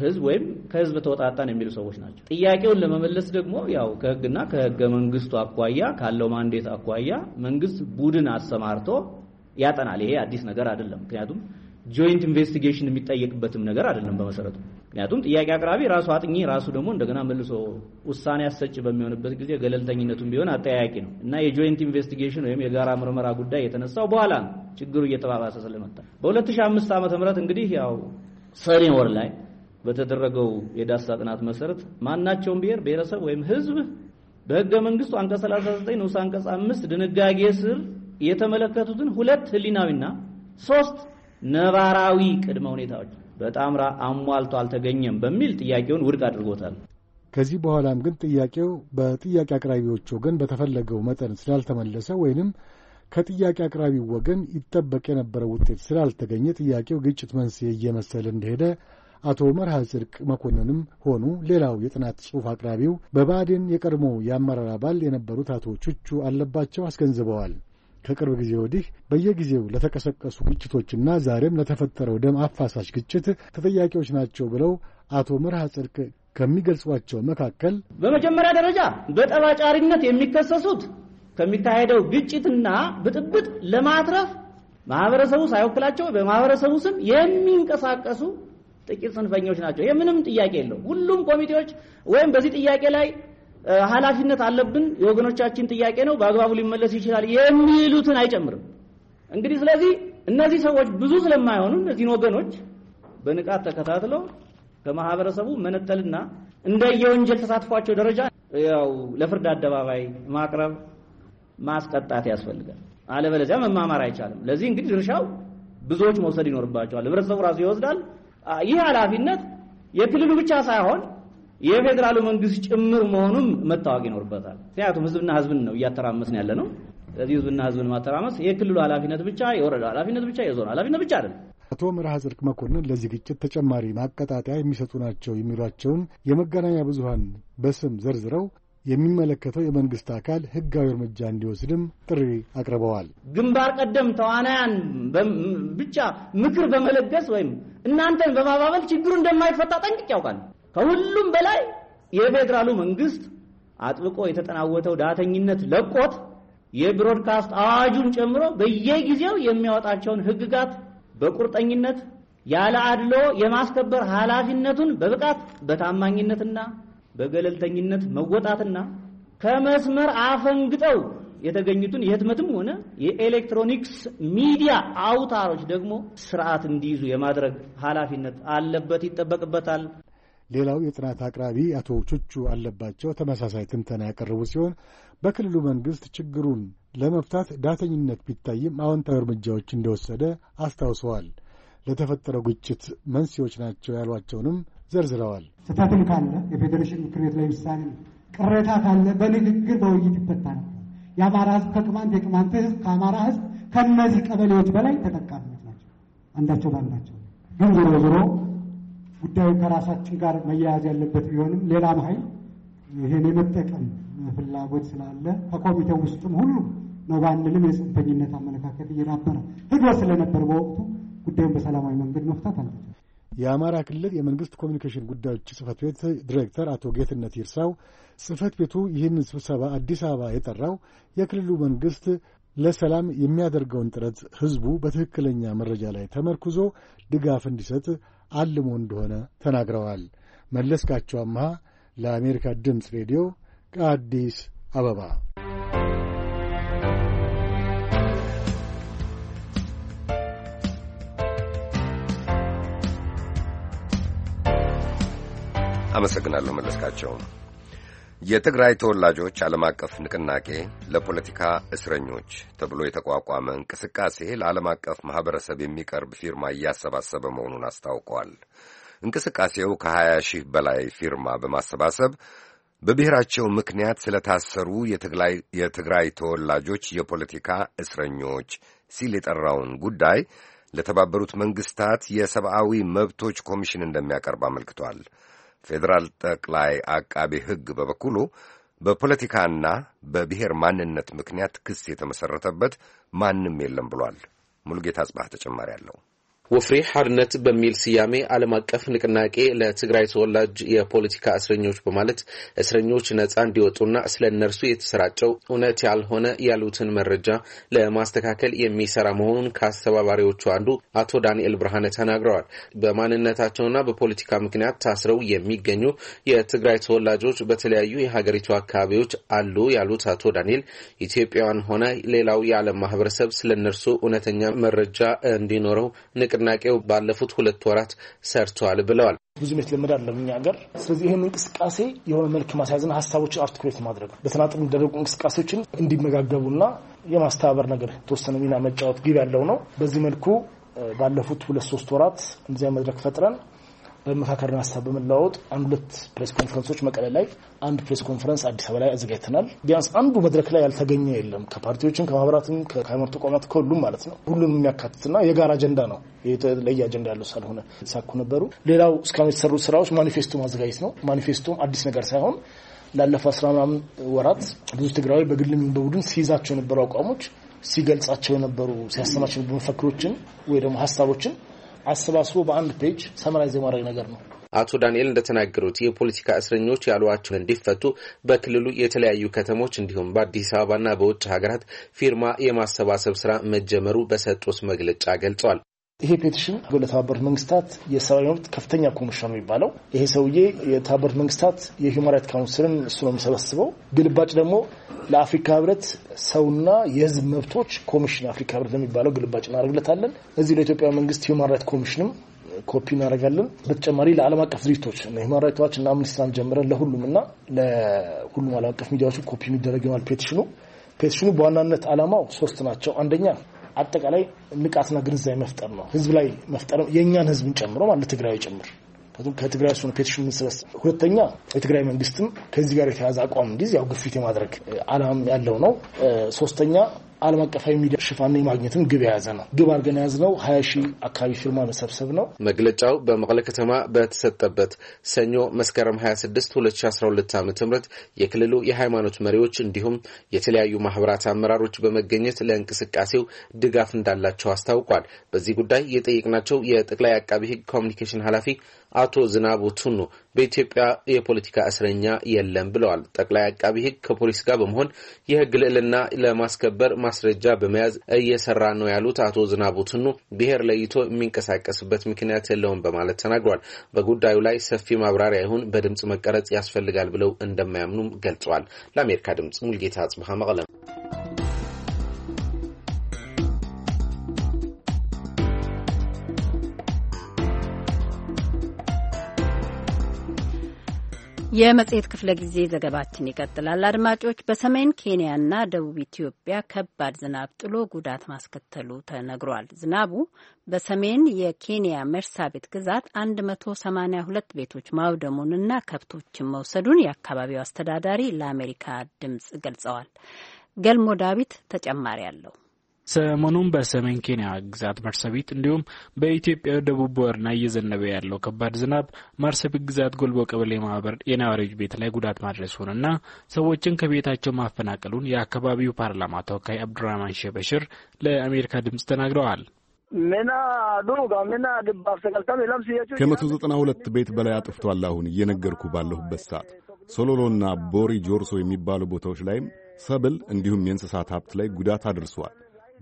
ህዝብ ወይም ከህዝብ ተወጣጣን የሚሉ ሰዎች ናቸው። ጥያቄውን ለመመለስ ደግሞ ያው ከህግና ከህገ መንግስቱ አኳያ ካለው ማንዴት አኳያ መንግስት ቡድን አሰማርቶ ያጠናል። ይሄ አዲስ ነገር አይደለም። ምክንያቱም ጆይንት ኢንቨስቲጌሽን የሚጠየቅበትም ነገር አይደለም በመሰረቱ። ምክንያቱም ጥያቄ አቅራቢ ራሱ አጥኚ ራሱ ደግሞ እንደገና መልሶ ውሳኔ አሰጭ በሚሆንበት ጊዜ ገለልተኝነቱም ቢሆን አጠያያቂ ነው እና የጆይንት ኢንቨስቲጌሽን ወይም የጋራ ምርመራ ጉዳይ የተነሳው በኋላ ነው፣ ችግሩ እየተባባሰ ስለመጣ በ2005 ም እንግዲህ ያው ሰኔ ወር ላይ በተደረገው የዳሳ ጥናት መሰረት ማናቸውም ብሔር ብሔረሰብ ወይም ህዝብ በህገ መንግስቱ አንቀጽ 39 ንዑስ አንቀጽ 5 ድንጋጌ ስር የተመለከቱትን ሁለት ህሊናዊና ሶስት ነባራዊ ቅድመ ሁኔታዎች በጣምራ አሟልቶ አልተገኘም በሚል ጥያቄውን ውድቅ አድርጎታል። ከዚህ በኋላም ግን ጥያቄው በጥያቄ አቅራቢዎች ወገን በተፈለገው መጠን ስላልተመለሰ ወይንም ከጥያቄ አቅራቢው ወገን ይጠበቅ የነበረው ውጤት ስላልተገኘ ጥያቄው ግጭት መንስኤ እየመሰለ እንደሄደ አቶ መርሃ ጽድቅ መኮንንም ሆኑ ሌላው የጥናት ጽሑፍ አቅራቢው በባዕዴን የቀድሞ የአመራር አባል የነበሩት አቶ ቹቹ አለባቸው አስገንዝበዋል። ከቅርብ ጊዜ ወዲህ በየጊዜው ለተቀሰቀሱ ግጭቶችና ዛሬም ለተፈጠረው ደም አፋሳሽ ግጭት ተጠያቂዎች ናቸው ብለው አቶ መርሃ ጽድቅ ከሚገልጿቸው መካከል በመጀመሪያ ደረጃ በጠባጫሪነት የሚከሰሱት ከሚካሄደው ግጭትና ብጥብጥ ለማትረፍ ማህበረሰቡ ሳይወክላቸው በማህበረሰቡ ስም የሚንቀሳቀሱ ጥቂት ጽንፈኞች ናቸው። ይሄ ምንም ጥያቄ የለው። ሁሉም ኮሚቴዎች ወይም በዚህ ጥያቄ ላይ ኃላፊነት አለብን የወገኖቻችን ጥያቄ ነው በአግባቡ ሊመለስ ይችላል የሚሉትን አይጨምርም። እንግዲህ ስለዚህ እነዚህ ሰዎች ብዙ ስለማይሆኑ እነዚህን ወገኖች በንቃት ተከታትለው ከማህበረሰቡ መነጠልና እንደየወንጀል ተሳትፏቸው ደረጃ ያው ለፍርድ አደባባይ ማቅረብ ማስቀጣት ያስፈልጋል። አለበለዚያ መማማር አይቻልም። ለዚህ እንግዲህ ድርሻው ብዙዎች መውሰድ ይኖርባቸዋል። ህብረተሰቡ ራሱ ይወስዳል። ይህ ኃላፊነት የክልሉ ብቻ ሳይሆን የፌዴራሉ መንግስት ጭምር መሆኑም መታወቅ ይኖርበታል። ምክንያቱም ህዝብና ህዝብን ነው እያተራመስን ያለ ነው። ስለዚህ ህዝብና ህዝብን ማተራመስ የክልሉ ኃላፊነት ብቻ፣ የወረዳ ኃላፊነት ብቻ፣ የዞን ኃላፊነት ብቻ አይደለም። አቶ መርሃ ጽድቅ መኮንን ለዚህ ግጭት ተጨማሪ ማቀጣጠያ የሚሰጡ ናቸው የሚሏቸውን የመገናኛ ብዙሀን በስም ዘርዝረው የሚመለከተው የመንግሥት አካል ሕጋዊ እርምጃ እንዲወስድም ጥሪ አቅርበዋል። ግንባር ቀደም ተዋናያን ብቻ ምክር በመለገስ ወይም እናንተን በማባበል ችግሩ እንደማይፈታ ጠንቅቅ ያውቃል። ከሁሉም በላይ የፌዴራሉ መንግሥት አጥብቆ የተጠናወተው ዳተኝነት ለቆት የብሮድካስት አዋጁን ጨምሮ በየጊዜው የሚያወጣቸውን ሕግጋት በቁርጠኝነት ያለ አድሎ የማስከበር ኃላፊነቱን በብቃት በታማኝነትና በገለልተኝነት መወጣትና ከመስመር አፈንግጠው የተገኙትን የህትመትም ሆነ የኤሌክትሮኒክስ ሚዲያ አውታሮች ደግሞ ስርዓት እንዲይዙ የማድረግ ኃላፊነት አለበት፣ ይጠበቅበታል። ሌላው የጥናት አቅራቢ አቶ ቹቹ አለባቸው ተመሳሳይ ትንተና ያቀረቡ ሲሆን በክልሉ መንግስት ችግሩን ለመፍታት ዳተኝነት ቢታይም አዎንታዊ እርምጃዎች እንደወሰደ አስታውሰዋል። ለተፈጠረው ግጭት መንስኤዎች ናቸው ያሏቸውንም ዘርዝረዋል። ስህተትም ካለ የፌዴሬሽን ምክር ቤት ላይ ውሳኔ ቅሬታ ካለ በንግግር በውይይት ይፈታ የአማራ ህዝብ ከቅማንት የቅማንት ህዝብ ከአማራ ህዝብ ከእነዚህ ቀበሌዎች በላይ ተጠቃሚዎች ናቸው። አንዳቸው ባንዳቸው ግን ዞሮ ዞሮ ጉዳዩ ከራሳችን ጋር መያያዝ ያለበት ቢሆንም ሌላም ኃይል ይህን የመጠቀም ፍላጎት ስላለ ከኮሚቴው ውስጥም ሁሉ ነው ባንልም የጽንፈኝነት አመለካከት እየዳበረ ህዶ ስለነበር በወቅቱ ጉዳዩን በሰላማዊ መንገድ መፍታት አለበት። የአማራ ክልል የመንግስት ኮሚኒኬሽን ጉዳዮች ጽህፈት ቤት ዲሬክተር አቶ ጌትነት ይርሳው ጽህፈት ቤቱ ይህን ስብሰባ አዲስ አበባ የጠራው የክልሉ መንግስት ለሰላም የሚያደርገውን ጥረት ህዝቡ በትክክለኛ መረጃ ላይ ተመርኩዞ ድጋፍ እንዲሰጥ አልሞ እንደሆነ ተናግረዋል። መለስካቸው አምሃ ለአሜሪካ ድምፅ ሬዲዮ ከአዲስ አበባ አመሰግናለሁ መለስካቸው። የትግራይ ተወላጆች ዓለም አቀፍ ንቅናቄ ለፖለቲካ እስረኞች ተብሎ የተቋቋመ እንቅስቃሴ ለዓለም አቀፍ ማኅበረሰብ የሚቀርብ ፊርማ እያሰባሰበ መሆኑን አስታውቋል። እንቅስቃሴው ከ20 ሺህ በላይ ፊርማ በማሰባሰብ በብሔራቸው ምክንያት ስለታሰሩ የትግራይ ተወላጆች የፖለቲካ እስረኞች ሲል የጠራውን ጉዳይ ለተባበሩት መንግሥታት የሰብአዊ መብቶች ኮሚሽን እንደሚያቀርብ አመልክቷል። ፌዴራል ጠቅላይ አቃቤ ሕግ በበኩሉ በፖለቲካና በብሔር ማንነት ምክንያት ክስ የተመሠረተበት ማንም የለም ብሏል። ሙሉጌታ ጽባህ ተጨማሪ አለው። ወፍሬ ሀርነት በሚል ስያሜ ዓለም አቀፍ ንቅናቄ ለትግራይ ተወላጅ የፖለቲካ እስረኞች በማለት እስረኞች ነጻ እንዲወጡና ስለ እነርሱ የተሰራጨው እውነት ያልሆነ ያሉትን መረጃ ለማስተካከል የሚሰራ መሆኑን ከአስተባባሪዎቹ አንዱ አቶ ዳንኤል ብርሃነ ተናግረዋል። በማንነታቸውና በፖለቲካ ምክንያት ታስረው የሚገኙ የትግራይ ተወላጆች በተለያዩ የሀገሪቱ አካባቢዎች አሉ ያሉት አቶ ዳንኤል ኢትዮጵያውያን ሆነ ሌላው የዓለም ማህበረሰብ ስለ እነርሱ እውነተኛ መረጃ እንዲኖረው ንቅ ንቅናቄው ባለፉት ሁለት ወራት ሰርተዋል ብለዋል። ብዙም የተለመደ አለ እኛ ሀገር። ስለዚህ ይህን እንቅስቃሴ የሆነ መልክ ማስያዝና ሀሳቦችን አርቲኩሌት ማድረግ በተናጥል የሚደረጉ እንቅስቃሴዎችን እንዲመጋገቡና የማስተባበር ነገር የተወሰነ ሚና መጫወት ግብ ያለው ነው። በዚህ መልኩ ባለፉት ሁለት ሶስት ወራት እንዚያ መድረክ ፈጥረን በመካከል ሀሳብ በመለዋወጥ አንድ ሁለት ፕሬስ ኮንፈረንሶች መቀለ ላይ፣ አንድ ፕሬስ ኮንፈረንስ አዲስ አበባ ላይ አዘጋጅተናል። ቢያንስ አንዱ መድረክ ላይ ያልተገኘ የለም። ከፓርቲዎችን፣ ከማህበራትም፣ ከሃይማኖት ተቋማት ከሁሉም ማለት ነው። ሁሉንም የሚያካትትና የጋራ አጀንዳ ነው። የተለየ አጀንዳ ያለው ሳልሆነ ሳኩ ነበሩ። ሌላው እስካሁን የተሰሩ ስራዎች ማኒፌስቶ ማዘጋጀት ነው። ማኒፌስቶ አዲስ ነገር ሳይሆን ላለፈው አስራ ምናምን ወራት ብዙ ትግራዊ በግልም በቡድን ሲይዛቸው የነበሩ አቋሞች ሲገልጻቸው የነበሩ ሲያሰማቸው የነበሩ መፈክሮችን ወይ ደግሞ ሀሳቦችን አሰባስቦ በአንድ ፔጅ ሰመራይዝ የማድረግ ነገር ነው። አቶ ዳንኤል እንደተናገሩት የፖለቲካ እስረኞች ያሏቸው እንዲፈቱ በክልሉ የተለያዩ ከተሞች እንዲሁም በአዲስ አበባና በውጭ ሀገራት ፊርማ የማሰባሰብ ስራ መጀመሩ በሰጡት መግለጫ ገልጸዋል። ይሄ ፔቲሽን ለተባበሩት መንግስታት የሰብአዊ መብት ከፍተኛ ኮሚሽን የሚባለው ይሄ ሰውዬ የተባበሩት መንግስታት የሂውማን ራይት ካውንስልን እሱ ነው የሚሰበስበው። ግልባጭ ደግሞ ለአፍሪካ ህብረት ሰውና የህዝብ መብቶች ኮሚሽን አፍሪካ ህብረት ለሚባለው ግልባጭ እናደርግለታለን። እዚህ ለኢትዮጵያ መንግስት ሂውማን ራይት ኮሚሽንም ኮፒ እናደርጋለን። በተጨማሪ ለዓለም አቀፍ ድርጅቶች ሂውማን ራይት ዋች እና አምኒስቲን ጀምረን ለሁሉም እና ለሁሉም ዓለም አቀፍ ሚዲያዎች ኮፒ የሚደረግ ይሆናል ፔቲሽኑ። ፔቲሽኑ በዋናነት አላማው ሶስት ናቸው። አንደኛ አጠቃላይ ንቃትና ግንዛቤ መፍጠር ነው። ህዝብ ላይ መፍጠር የእኛን ህዝብን ጨምሮ ማለት ትግራዊ ጭምር ከትግራይ ስለሆነ ፔቲሽን የምንሰበስብ። ሁለተኛ የትግራይ መንግስትም ከዚህ ጋር የተያዘ አቋም እንዲዝ ያው ግፊት የማድረግ አላማም ያለው ነው። ሶስተኛ ዓለም አቀፋዊ ሚዲያ ሽፋን የማግኘትም ግብ የያዘ ነው። ግብ አድርገን የያዝነው ሀያ ሺህ አካባቢ ፊርማ መሰብሰብ ነው። መግለጫው በመቀለ ከተማ በተሰጠበት ሰኞ መስከረም 26 2012 ዓ ም የክልሉ የሃይማኖት መሪዎች እንዲሁም የተለያዩ ማህበራት አመራሮች በመገኘት ለእንቅስቃሴው ድጋፍ እንዳላቸው አስታውቋል። በዚህ ጉዳይ የጠየቅናቸው የጠቅላይ አቃቢ ህግ ኮሚኒኬሽን ኃላፊ አቶ ዝናቡ ቱኑ በኢትዮጵያ የፖለቲካ እስረኛ የለም ብለዋል። ጠቅላይ አቃቢ ሕግ ከፖሊስ ጋር በመሆን የሕግ ልዕልና ለማስከበር ማስረጃ በመያዝ እየሰራ ነው ያሉት አቶ ዝናቡ ቱኑ ብሔር ለይቶ የሚንቀሳቀስበት ምክንያት የለውም በማለት ተናግሯል። በጉዳዩ ላይ ሰፊ ማብራሪያ ይሁን በድምፅ መቀረጽ ያስፈልጋል ብለው እንደማያምኑም ገልጸዋል። ለአሜሪካ ድምፅ ሙልጌታ አጽብሃ መቀለም የመጽሔት ክፍለ ጊዜ ዘገባችን ይቀጥላል። አድማጮች፣ በሰሜን ኬንያና ደቡብ ኢትዮጵያ ከባድ ዝናብ ጥሎ ጉዳት ማስከተሉ ተነግሯል። ዝናቡ በሰሜን የኬንያ መርሳቤት ግዛት 182 ቤቶች ማውደሙንና ከብቶችን መውሰዱን የአካባቢው አስተዳዳሪ ለአሜሪካ ድምፅ ገልጸዋል። ገልሞ ዳዊት ተጨማሪ አለው። ሰሞኑን በሰሜን ኬንያ ግዛት መርሰቢት እንዲሁም በኢትዮጵያ ደቡብ ቦረና እየዘነበ ያለው ከባድ ዝናብ ማርሰቢት ግዛት ጎልቦ ቀበሌ ማህበር የነዋሪዎች ቤት ላይ ጉዳት ማድረሱንና ሰዎችን ከቤታቸው ማፈናቀሉን የአካባቢው ፓርላማ ተወካይ አብዱራህማን ሸበሽር ለአሜሪካ ድምጽ ተናግረዋል። ከመቶ ዘጠና ሁለት ቤት በላይ አጥፍቷል። አሁን እየነገርኩ ባለሁበት ሰዓት ሶሎሎና ቦሪ ጆርሶ የሚባሉ ቦታዎች ላይም ሰብል እንዲሁም የእንስሳት ሀብት ላይ ጉዳት አድርሷል።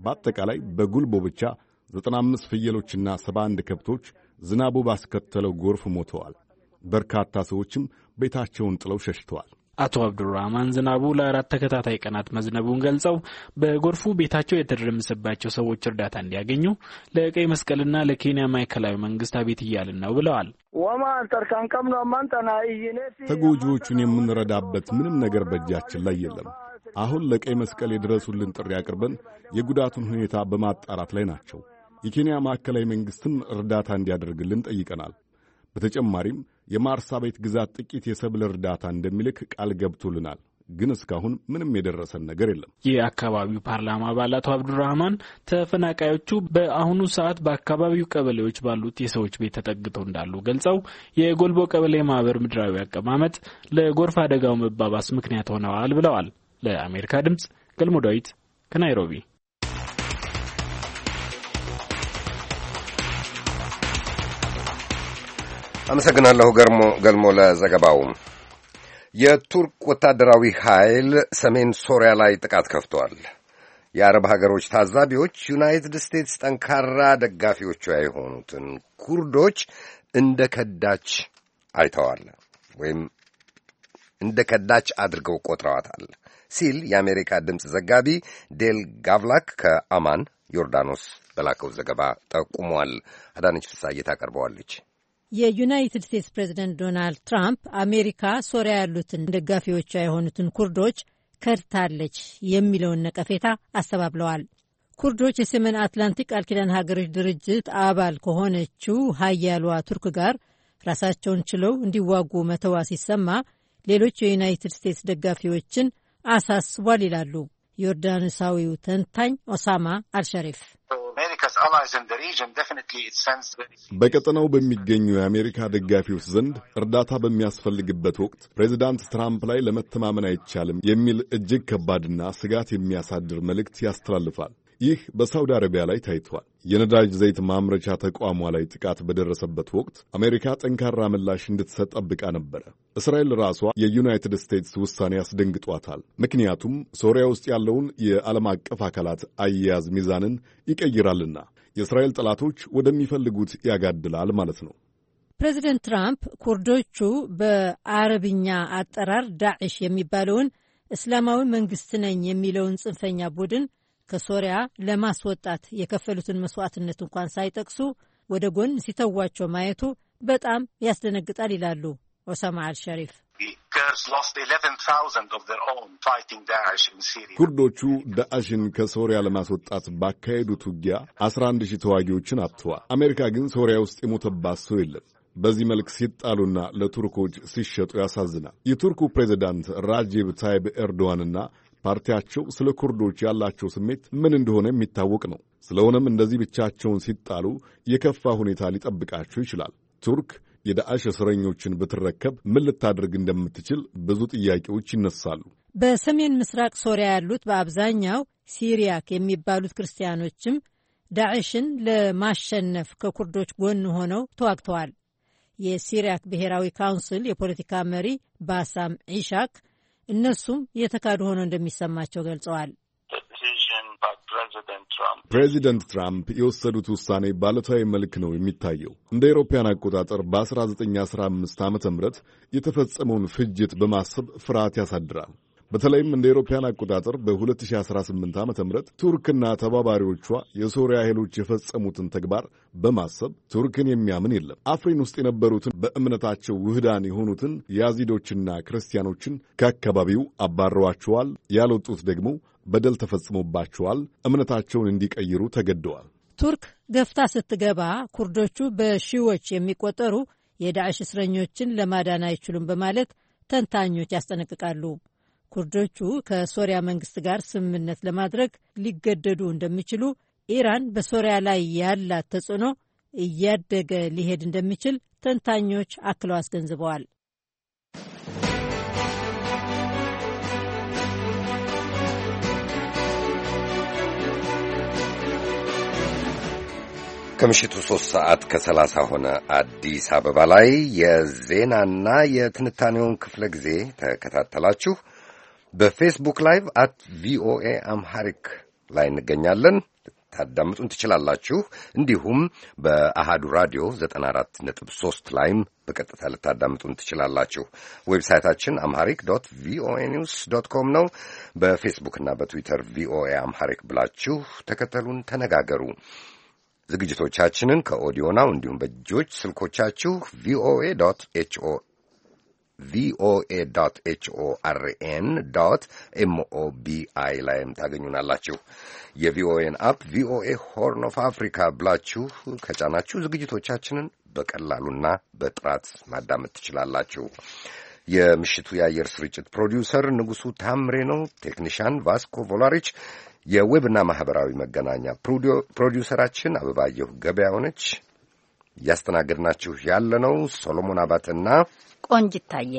በአጠቃላይ በጉልቦ ብቻ 95 ፍየሎችና 71 ከብቶች ዝናቡ ባስከተለው ጎርፍ ሞተዋል። በርካታ ሰዎችም ቤታቸውን ጥለው ሸሽተዋል። አቶ አብዱራህማን ዝናቡ ለአራት ተከታታይ ቀናት መዝነቡን ገልጸው በጎርፉ ቤታቸው የተደረመሰባቸው ሰዎች እርዳታ እንዲያገኙ ለቀይ መስቀልና ለኬንያ ማዕከላዊ መንግስት አቤት እያልን ነው ብለዋል። ተጎጂዎቹን የምንረዳበት ምንም ነገር በእጃችን ላይ የለም። አሁን ለቀይ መስቀል የድረሱልን ጥሪ አቅርበን የጉዳቱን ሁኔታ በማጣራት ላይ ናቸው። የኬንያ ማዕከላዊ መንግሥትም እርዳታ እንዲያደርግልን ጠይቀናል። በተጨማሪም የማርሳቤት ግዛት ጥቂት የሰብል እርዳታ እንደሚልክ ቃል ገብቶልናል። ግን እስካሁን ምንም የደረሰን ነገር የለም። የአካባቢው ፓርላማ አቶ አብዱራህማን ተፈናቃዮቹ በአሁኑ ሰዓት በአካባቢው ቀበሌዎች ባሉት የሰዎች ቤት ተጠግተው እንዳሉ ገልጸው የጎልቦ ቀበሌ ማህበር ምድራዊ አቀማመጥ ለጎርፍ አደጋው መባባስ ምክንያት ሆነዋል ብለዋል። ለአሜሪካ ድምፅ ገልሞ ዳዊት ከናይሮቢ አመሰግናለሁ። ገርሞ ገልሞ ለዘገባው። የቱርክ ወታደራዊ ኃይል ሰሜን ሶሪያ ላይ ጥቃት ከፍቷል። የአረብ ሀገሮች ታዛቢዎች ዩናይትድ ስቴትስ ጠንካራ ደጋፊዎቿ የሆኑትን ኩርዶች እንደ ከዳች አይተዋል ወይም እንደ ከዳች አድርገው ቆጥረዋታል ሲል የአሜሪካ ድምፅ ዘጋቢ ዴል ጋቭላክ ከአማን ዮርዳኖስ በላከው ዘገባ ጠቁሟል። አዳነች ፍሳዬ ታቀርበዋለች። የዩናይትድ ስቴትስ ፕሬዚደንት ዶናልድ ትራምፕ አሜሪካ ሶሪያ ያሉትን ደጋፊዎቿ የሆኑትን ኩርዶች ከድታለች የሚለውን ነቀፌታ አስተባብለዋል። ኩርዶች የሰሜን አትላንቲክ ቃል ኪዳን ሀገሮች ድርጅት አባል ከሆነችው ሀያሏ ቱርክ ጋር ራሳቸውን ችለው እንዲዋጉ መተዋ ሲሰማ ሌሎች የዩናይትድ ስቴትስ ደጋፊዎችን አሳስቧል ይላሉ ዮርዳንሳዊው ተንታኝ ኦሳማ አልሸሪፍ። በቀጠናው በሚገኙ የአሜሪካ ደጋፊዎች ዘንድ እርዳታ በሚያስፈልግበት ወቅት ፕሬዚዳንት ትራምፕ ላይ ለመተማመን አይቻልም የሚል እጅግ ከባድና ስጋት የሚያሳድር መልእክት ያስተላልፋል። ይህ በሳውዲ አረቢያ ላይ ታይቷል። የነዳጅ ዘይት ማምረቻ ተቋሟ ላይ ጥቃት በደረሰበት ወቅት አሜሪካ ጠንካራ ምላሽ እንድትሰጥ ጠብቃ ነበረ። እስራኤል ራሷ የዩናይትድ ስቴትስ ውሳኔ አስደንግጧታል። ምክንያቱም ሶሪያ ውስጥ ያለውን የዓለም አቀፍ አካላት አያያዝ ሚዛንን ይቀይራልና የእስራኤል ጠላቶች ወደሚፈልጉት ያጋድላል ማለት ነው። ፕሬዚደንት ትራምፕ ኩርዶቹ በአረብኛ አጠራር ዳዕሽ የሚባለውን እስላማዊ መንግስት ነኝ የሚለውን ጽንፈኛ ቡድን ከሶሪያ ለማስወጣት የከፈሉትን መስዋዕትነት እንኳን ሳይጠቅሱ ወደ ጎን ሲተዋቸው ማየቱ በጣም ያስደነግጣል ይላሉ ኦሳማ አልሸሪፍ። ኩርዶቹ ዳዕሽን ከሶሪያ ለማስወጣት ባካሄዱት ውጊያ 11 ሺህ ተዋጊዎችን አጥተዋል። አሜሪካ ግን ሶሪያ ውስጥ የሞተባት ሰው የለም። በዚህ መልክ ሲጣሉና ለቱርኮች ሲሸጡ ያሳዝናል። የቱርኩ ፕሬዚዳንት ራጀብ ታይብ ኤርዶዋንና ፓርቲያቸው ስለ ኩርዶች ያላቸው ስሜት ምን እንደሆነ የሚታወቅ ነው። ስለሆነም እንደዚህ ብቻቸውን ሲጣሉ የከፋ ሁኔታ ሊጠብቃቸው ይችላል። ቱርክ የዳዕሽ እስረኞችን ብትረከብ ምን ልታደርግ እንደምትችል ብዙ ጥያቄዎች ይነሳሉ። በሰሜን ምስራቅ ሶሪያ ያሉት በአብዛኛው ሲሪያክ የሚባሉት ክርስቲያኖችም ዳዕሽን ለማሸነፍ ከኩርዶች ጎን ሆነው ተዋግተዋል። የሲሪያክ ብሔራዊ ካውንስል የፖለቲካ መሪ ባሳም ኢሻክ እነሱም የተካዱ ሆኖ እንደሚሰማቸው ገልጸዋል። ፕሬዚደንት ትራምፕ የወሰዱት ውሳኔ ባለታዊ መልክ ነው የሚታየው። እንደ አውሮፓውያን አቆጣጠር በ1915 ዓ ም የተፈጸመውን ፍጅት በማሰብ ፍርሃት ያሳድራል። በተለይም እንደ ኤሮፓያን አቆጣጠር በ2018 ዓ ም ቱርክና ተባባሪዎቿ የሶሪያ ኃይሎች የፈጸሙትን ተግባር በማሰብ ቱርክን የሚያምን የለም። አፍሪን ውስጥ የነበሩትን በእምነታቸው ውህዳን የሆኑትን ያዚዶችና ክርስቲያኖችን ከአካባቢው አባረዋቸዋል፣ ያልወጡት ደግሞ በደል ተፈጽሞባቸዋል፣ እምነታቸውን እንዲቀይሩ ተገደዋል። ቱርክ ገፍታ ስትገባ ኩርዶቹ በሺዎች የሚቆጠሩ የዳዕሽ እስረኞችን ለማዳን አይችሉም በማለት ተንታኞች ያስጠነቅቃሉ። ኩርዶቹ ከሶሪያ መንግስት ጋር ስምምነት ለማድረግ ሊገደዱ እንደሚችሉ፣ ኢራን በሶሪያ ላይ ያላት ተጽዕኖ እያደገ ሊሄድ እንደሚችል ተንታኞች አክለው አስገንዝበዋል። ከምሽቱ ሶስት ሰዓት ከሰላሳ ሆነ አዲስ አበባ ላይ የዜናና የትንታኔውን ክፍለ ጊዜ ተከታተላችሁ። በፌስቡክ ላይቭ አት ቪኦኤ አምሃሪክ ላይ እንገኛለን። ታዳምጡን ትችላላችሁ። እንዲሁም በአሃዱ ራዲዮ 94.3 ላይም በቀጥታ ልታዳምጡን ትችላላችሁ። ዌብሳይታችን አምሃሪክ ዶት ቪኦኤ ኒውስ ዶት ኮም ነው። በፌስቡክና በትዊተር ቪኦኤ አምሃሪክ ብላችሁ ተከተሉን፣ ተነጋገሩ። ዝግጅቶቻችንን ከኦዲዮ ናው እንዲሁም በእጆች ስልኮቻችሁ ቪኦኤ ዶት ኦ ቪኦኤ ኤችኦአርኤን ኤምኦቢአይ ላይም ታገኙናላችሁ። የቪኦኤን አፕ ቪኦኤ ሆርን ኦፍ አፍሪካ ብላችሁ ከጫናችሁ ዝግጅቶቻችንን በቀላሉና በጥራት ማዳመጥ ትችላላችሁ። የምሽቱ የአየር ስርጭት ፕሮዲውሰር ንጉሡ ታምሬ ነው። ቴክኒሽያን ቫስኮ ቮላሪች፣ የዌብና ማኅበራዊ መገናኛ ፕሮዲውሰራችን አበባየሁ ገበያው ነች። እያስተናገድናችሁ ያለነው ሶሎሞን አባትና ቆንጅ ታየ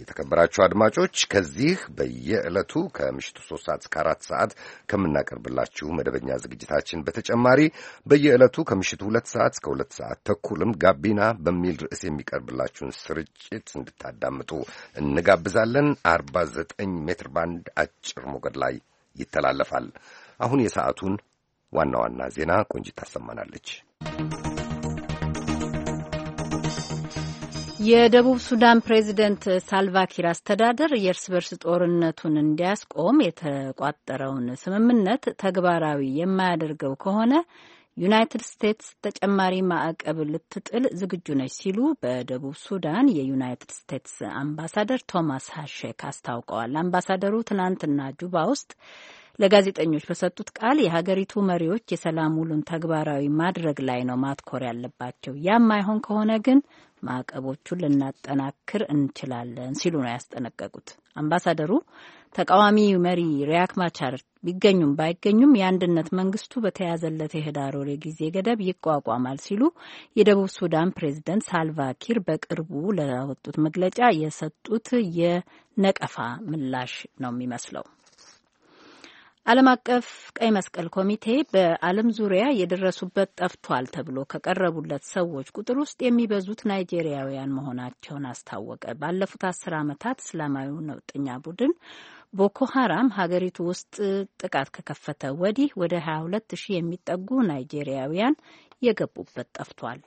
የተከበራችሁ አድማጮች ከዚህ በየዕለቱ ከምሽቱ ሶስት ሰዓት እስከ አራት ሰዓት ከምናቀርብላችሁ መደበኛ ዝግጅታችን በተጨማሪ በየዕለቱ ከምሽቱ ሁለት ሰዓት እስከ ሁለት ሰዓት ተኩልም ጋቢና በሚል ርዕስ የሚቀርብላችሁን ስርጭት እንድታዳምጡ እንጋብዛለን። አርባ ዘጠኝ ሜትር ባንድ አጭር ሞገድ ላይ ይተላለፋል። አሁን የሰዓቱን ዋና ዋና ዜና ቆንጅት ታሰማናለች። የደቡብ ሱዳን ፕሬዚደንት ሳልቫኪር አስተዳደር የእርስ በርስ ጦርነቱን እንዲያስቆም የተቋጠረውን ስምምነት ተግባራዊ የማያደርገው ከሆነ ዩናይትድ ስቴትስ ተጨማሪ ማዕቀብ ልትጥል ዝግጁ ነች ሲሉ በደቡብ ሱዳን የዩናይትድ ስቴትስ አምባሳደር ቶማስ ሃሼክ አስታውቀዋል። አምባሳደሩ ትናንትና ጁባ ውስጥ ለጋዜጠኞች በሰጡት ቃል የሀገሪቱ መሪዎች የሰላም ውሉን ተግባራዊ ማድረግ ላይ ነው ማትኮር ያለባቸው፣ ያም አይሆን ከሆነ ግን ማዕቀቦቹን ልናጠናክር እንችላለን ሲሉ ነው ያስጠነቀቁት። አምባሳደሩ ተቃዋሚ መሪ ሪያክ ማቻር ቢገኙም ባይገኙም የአንድነት መንግስቱ በተያዘለት የህዳር ወር ጊዜ ገደብ ይቋቋማል ሲሉ የደቡብ ሱዳን ፕሬዝደንት ሳልቫኪር በቅርቡ ለወጡት መግለጫ የሰጡት የነቀፋ ምላሽ ነው የሚመስለው። ዓለም አቀፍ ቀይ መስቀል ኮሚቴ በዓለም ዙሪያ የደረሱበት ጠፍቷል ተብሎ ከቀረቡለት ሰዎች ቁጥር ውስጥ የሚበዙት ናይጄሪያውያን መሆናቸውን አስታወቀ። ባለፉት አስር ዓመታት እስላማዊ ነውጠኛ ቡድን ቦኮ ሀራም ሀገሪቱ ውስጥ ጥቃት ከከፈተ ወዲህ ወደ 22 ሺህ የሚጠጉ ናይጄሪያውያን የገቡበት ጠፍቷል።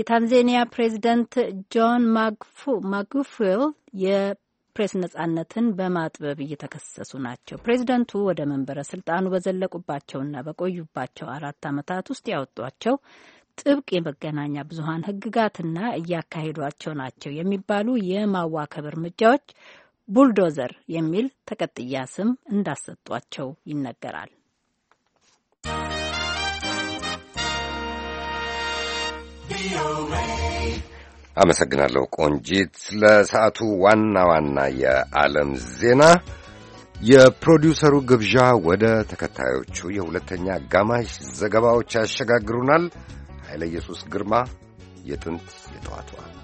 የታንዛኒያ ፕሬዚደንት ጆን ማጉፉዌል የፕሬስ ነጻነትን በማጥበብ እየተከሰሱ ናቸው። ፕሬዚደንቱ ወደ መንበረ ስልጣኑ በዘለቁባቸውና በቆዩባቸው አራት ዓመታት ውስጥ ያወጧቸው ጥብቅ የመገናኛ ብዙሀን ህግጋትና እያካሄዷቸው ናቸው የሚባሉ የማዋከብ እርምጃዎች ቡልዶዘር የሚል ተቀጥያ ስም እንዳሰጧቸው ይነገራል። be አመሰግናለሁ ቆንጂት። ለሰዓቱ ዋና ዋና የዓለም ዜና የፕሮዲውሰሩ ግብዣ ወደ ተከታዮቹ የሁለተኛ አጋማሽ ዘገባዎች ያሸጋግሩናል። ኃይለ ኢየሱስ ግርማ የጥንት የጠዋቷል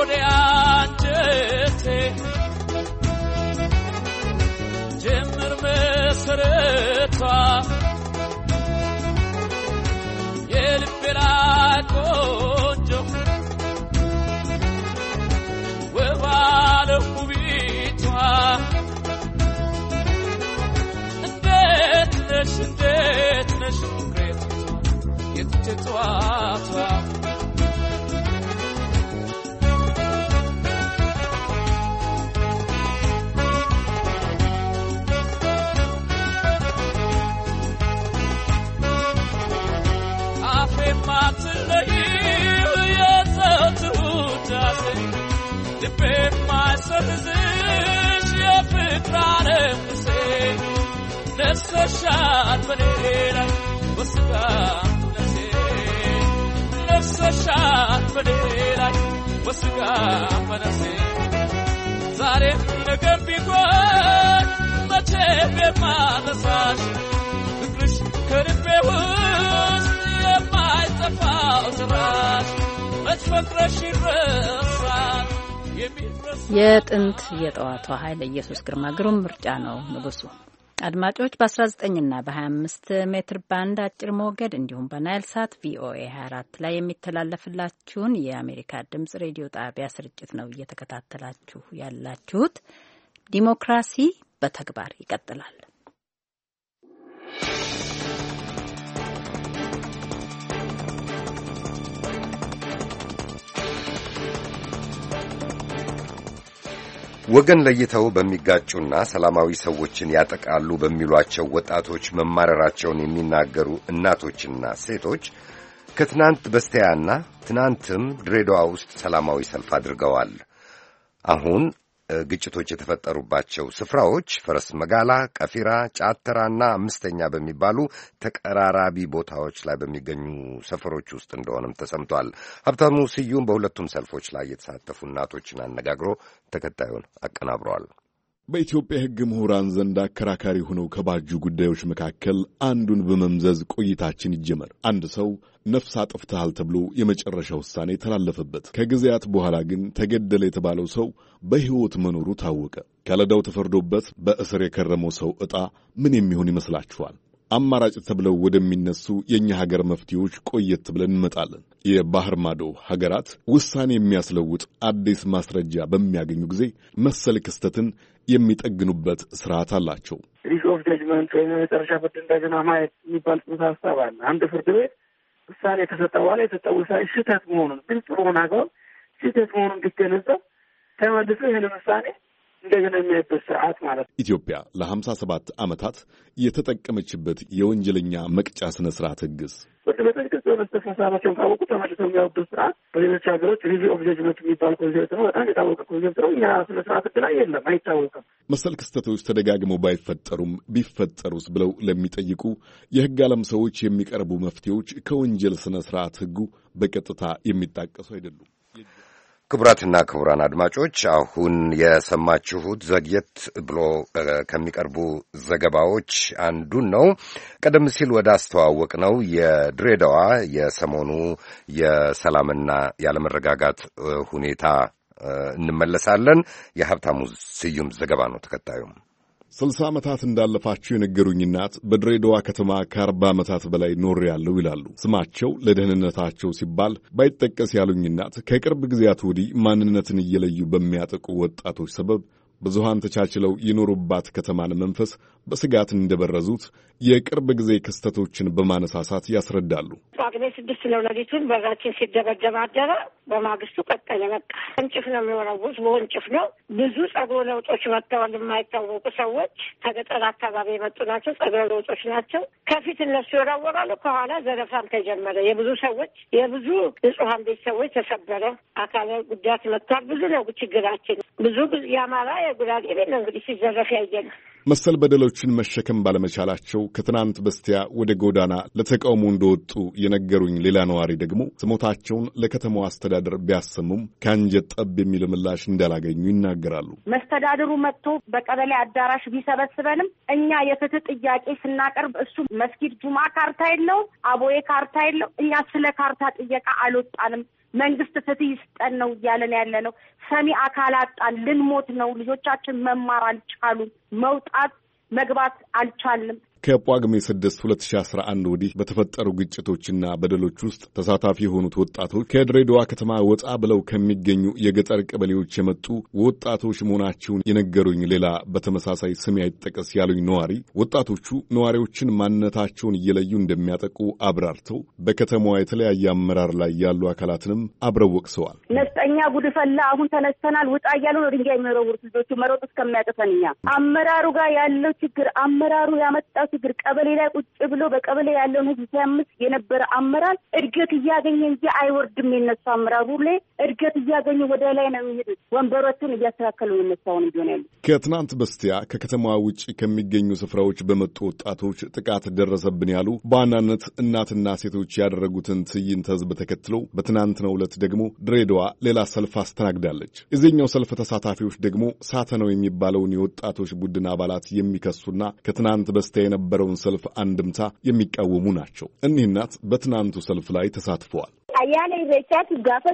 ወደ አንጀቴ ጀምር መሰረቷ የልቤና ቆንጆ ወባለ ውቢቷ እንዴት ነሽ እንዴት ነሽ ፍቅሬቷ የትቼ ጠዋቷ ሰርዝሽ የፍቅር ዓለም ሙሴ ነፍሰሻል በኔ ላይ በስጋ ነፍሴ ነፍሰሻል በኔ ላይ በስጋ በነፍሴ ዛሬም ነገም ቢሆን መቼም የማረሳሽ ፍቅርሽ ከልቤ ውስጥ የማይጠፋው ስራሽ መች ፈቅረሽ ይረሳል የጥንት የጠዋቷ ኃይለ ኢየሱስ ግርማ ግሩም ምርጫ ነው ንጉሱ። አድማጮች በ19ና በ25 ሜትር ባንድ አጭር ሞገድ እንዲሁም በናይል ሳት ቪኦኤ 24 ላይ የሚተላለፍላችሁን የአሜሪካ ድምጽ ሬዲዮ ጣቢያ ስርጭት ነው እየተከታተላችሁ ያላችሁት። ዲሞክራሲ በተግባር ይቀጥላል። ወገን ለይተው በሚጋጩና ሰላማዊ ሰዎችን ያጠቃሉ በሚሏቸው ወጣቶች መማረራቸውን የሚናገሩ እናቶችና ሴቶች ከትናንት በስቲያና ትናንትም ድሬዳዋ ውስጥ ሰላማዊ ሰልፍ አድርገዋል። አሁን ግጭቶች የተፈጠሩባቸው ስፍራዎች ፈረስ መጋላ፣ ቀፊራ፣ ጫተራና አምስተኛ በሚባሉ ተቀራራቢ ቦታዎች ላይ በሚገኙ ሰፈሮች ውስጥ እንደሆነም ተሰምቷል። ሀብታሙ ስዩም በሁለቱም ሰልፎች ላይ የተሳተፉ እናቶችን አነጋግሮ ተከታዩን አቀናብረዋል። በኢትዮጵያ የሕግ ምሁራን ዘንድ አከራካሪ ሆነው ከባጁ ጉዳዮች መካከል አንዱን በመምዘዝ ቆይታችን ይጀመር። አንድ ሰው ነፍስ አጥፍተሃል ተብሎ የመጨረሻ ውሳኔ የተላለፈበት፣ ከጊዜያት በኋላ ግን ተገደለ የተባለው ሰው በሕይወት መኖሩ ታወቀ። ከለዳው ተፈርዶበት በእስር የከረመው ሰው ዕጣ ምን የሚሆን ይመስላችኋል? አማራጭ ተብለው ወደሚነሱ የእኛ ሀገር መፍትሄዎች ቆየት ብለን እንመጣለን። የባህር ማዶ ሀገራት ውሳኔ የሚያስለውጥ አዲስ ማስረጃ በሚያገኙ ጊዜ መሰል ክስተትን የሚጠግኑበት ስርዓት አላቸው። ሪስ ኦፍ ጀጅመንት ወይም የመጨረሻ ፍርድ እንደገና ማየት የሚባል ጽንሰ ሀሳብ አለ። አንድ ፍርድ ቤት ውሳኔ ከሰጠ በኋላ የሰጠው ውሳኔ ስህተት መሆኑን ግልጽ በሆነ አግባብ ስህተት መሆኑን እንዲገነዘብ ተመልሶ ይህን ውሳኔ እንደገና የሚያይበት ስርዓት ማለት ነው። ኢትዮጵያ ለሀምሳ ሰባት ዓመታት የተጠቀመችበት የወንጀለኛ መቅጫ ስነ ስርዓት ህግስ ወደ በጠንቅጽ በመስተሳሳባቸውን ካወቁ ተመልሰው የሚያወዱት ስርዓት በሌሎች ሀገሮች ሪቪ ኦፍ ጀጅመንት የሚባል ኮንሴፕት ነው። በጣም የታወቀ ኮንሴፕት ነው። እኛ ስነ ስርዓት ህግ ላይ የለም፣ አይታወቅም። መሰል ክስተቶች ተደጋግመው ባይፈጠሩም ቢፈጠሩስ ብለው ለሚጠይቁ የህግ ዓለም ሰዎች የሚቀርቡ መፍትሄዎች ከወንጀል ስነ ስርዓት ህጉ በቀጥታ የሚጣቀሱ አይደሉም። ክቡራትና ክቡራን አድማጮች አሁን የሰማችሁት ዘግየት ብሎ ከሚቀርቡ ዘገባዎች አንዱን ነው። ቀደም ሲል ወደ አስተዋወቅ ነው የድሬዳዋ የሰሞኑ የሰላምና ያለመረጋጋት ሁኔታ እንመለሳለን። የሀብታሙ ስዩም ዘገባ ነው ተከታዩም ስልሳ ዓመታት እንዳለፋቸው የነገሩኝ እናት በድሬዳዋ ከተማ ከአርባ ዓመታት በላይ ኖር ያለው ይላሉ። ስማቸው ለደህንነታቸው ሲባል ባይጠቀስ ያሉኝ እናት ከቅርብ ጊዜያት ወዲህ ማንነትን እየለዩ በሚያጠቁ ወጣቶች ሰበብ ብዙሃን ተቻችለው የኖሩባት ከተማን መንፈስ በስጋት እንደበረዙት የቅርብ ጊዜ ክስተቶችን በማነሳሳት ያስረዳሉ። ጳጉሜ ስድስት ነው ለሊቱን በራችን ሲደበደብ አደረ። በማግስቱ ቀጠለ። በቃ እንጭፍ ነው የሚወረውት፣ በወንጭፍ ነው። ብዙ ጸጉር ለውጦች መጥተዋል። የማይታወቁ ሰዎች ከገጠር አካባቢ የመጡ ናቸው። ጸጉር ለውጦች ናቸው። ከፊት እነሱ ይወራወራሉ፣ ከኋላ ዘረፋም ተጀመረ። የብዙ ሰዎች የብዙ ንጹሐን ቤት ሰዎች ተሰበረ፣ አካለ ጉዳት መጥተዋል። ብዙ ነው ችግራችን። ብዙ የአማራ የጉራጌ ቤት ነው እንግዲህ ሲዘረፍ ያየነ መሰል በደሎችን መሸከም ባለመቻላቸው ከትናንት በስቲያ ወደ ጎዳና ለተቃውሞ እንደወጡ የነገሩኝ ሌላ ነዋሪ ደግሞ ስሞታቸውን ለከተማው አስተዳደር ቢያሰሙም ከአንጀት ጠብ የሚል ምላሽ እንዳላገኙ ይናገራሉ። መስተዳድሩ መጥቶ በቀበሌ አዳራሽ ቢሰበስበንም እኛ የፍትህ ጥያቄ ስናቀርብ እሱ መስጊድ ጁማ ካርታ የለውም፣ አቦዬ ካርታ የለው እኛ ስለ ካርታ ጥየቃ አልወጣንም። መንግስት ፍትህ ይስጠን ነው እያለን ያለ ነው። ሰሚ አካል አጣን። ልንሞት ነው። ልጆቻችን መማር አልቻሉም። መውጣት መግባት አልቻልም። ከጳጉሜ 6 2011 ወዲህ በተፈጠሩ ግጭቶችና በደሎች ውስጥ ተሳታፊ የሆኑት ወጣቶች ከድሬዳዋ ከተማ ወጣ ብለው ከሚገኙ የገጠር ቀበሌዎች የመጡ ወጣቶች መሆናቸውን የነገሩኝ ሌላ በተመሳሳይ ስም አይጠቀስ ያሉኝ ነዋሪ ወጣቶቹ ነዋሪዎችን ማንነታቸውን እየለዩ እንደሚያጠቁ አብራርተው በከተማዋ የተለያየ አመራር ላይ ያሉ አካላትንም አብረው ወቅሰዋል። ነፍጠኛ ጉድፈላ አሁን ተነስተናል ውጣ እያሉ ነው ድንጋይ የሚወረውሩት ልጆቹ መሮጥ እስከሚያቅፈን እኛ አመራሩ ጋር ያለው ችግር አመራሩ ያመጣ ችግር ቀበሌ ላይ ቁጭ ብሎ በቀበሌ ያለውን ህዝብ ሲያምስ የነበረ አመራር እድገት እያገኘ እንጂ አይወርድም። የነሱ አመራሩ ሁሌ እድገት እያገኘ ወደ ላይ ነው የሚሄዱት። ወንበሮችን እያስተካከሉ የነሳውን ቢሆን ያሉ ከትናንት በስቲያ ከከተማ ውጭ ከሚገኙ ስፍራዎች በመጡ ወጣቶች ጥቃት ደረሰብን ያሉ በዋናነት እናትና ሴቶች ያደረጉትን ትዕይንተ ህዝብ ተከትሎ በትናንትናው ዕለት ደግሞ ድሬዳዋ ሌላ ሰልፍ አስተናግዳለች። እዚህኛው ሰልፍ ተሳታፊዎች ደግሞ ሳተ ነው የሚባለውን የወጣቶች ቡድን አባላት የሚከሱና ከትናንት በስቲያ የነበረውን ሰልፍ አንድምታ የሚቃወሙ ናቸው። እኒህ እናት በትናንቱ ሰልፍ ላይ ተሳትፈዋል። አያሌ ትጋፈ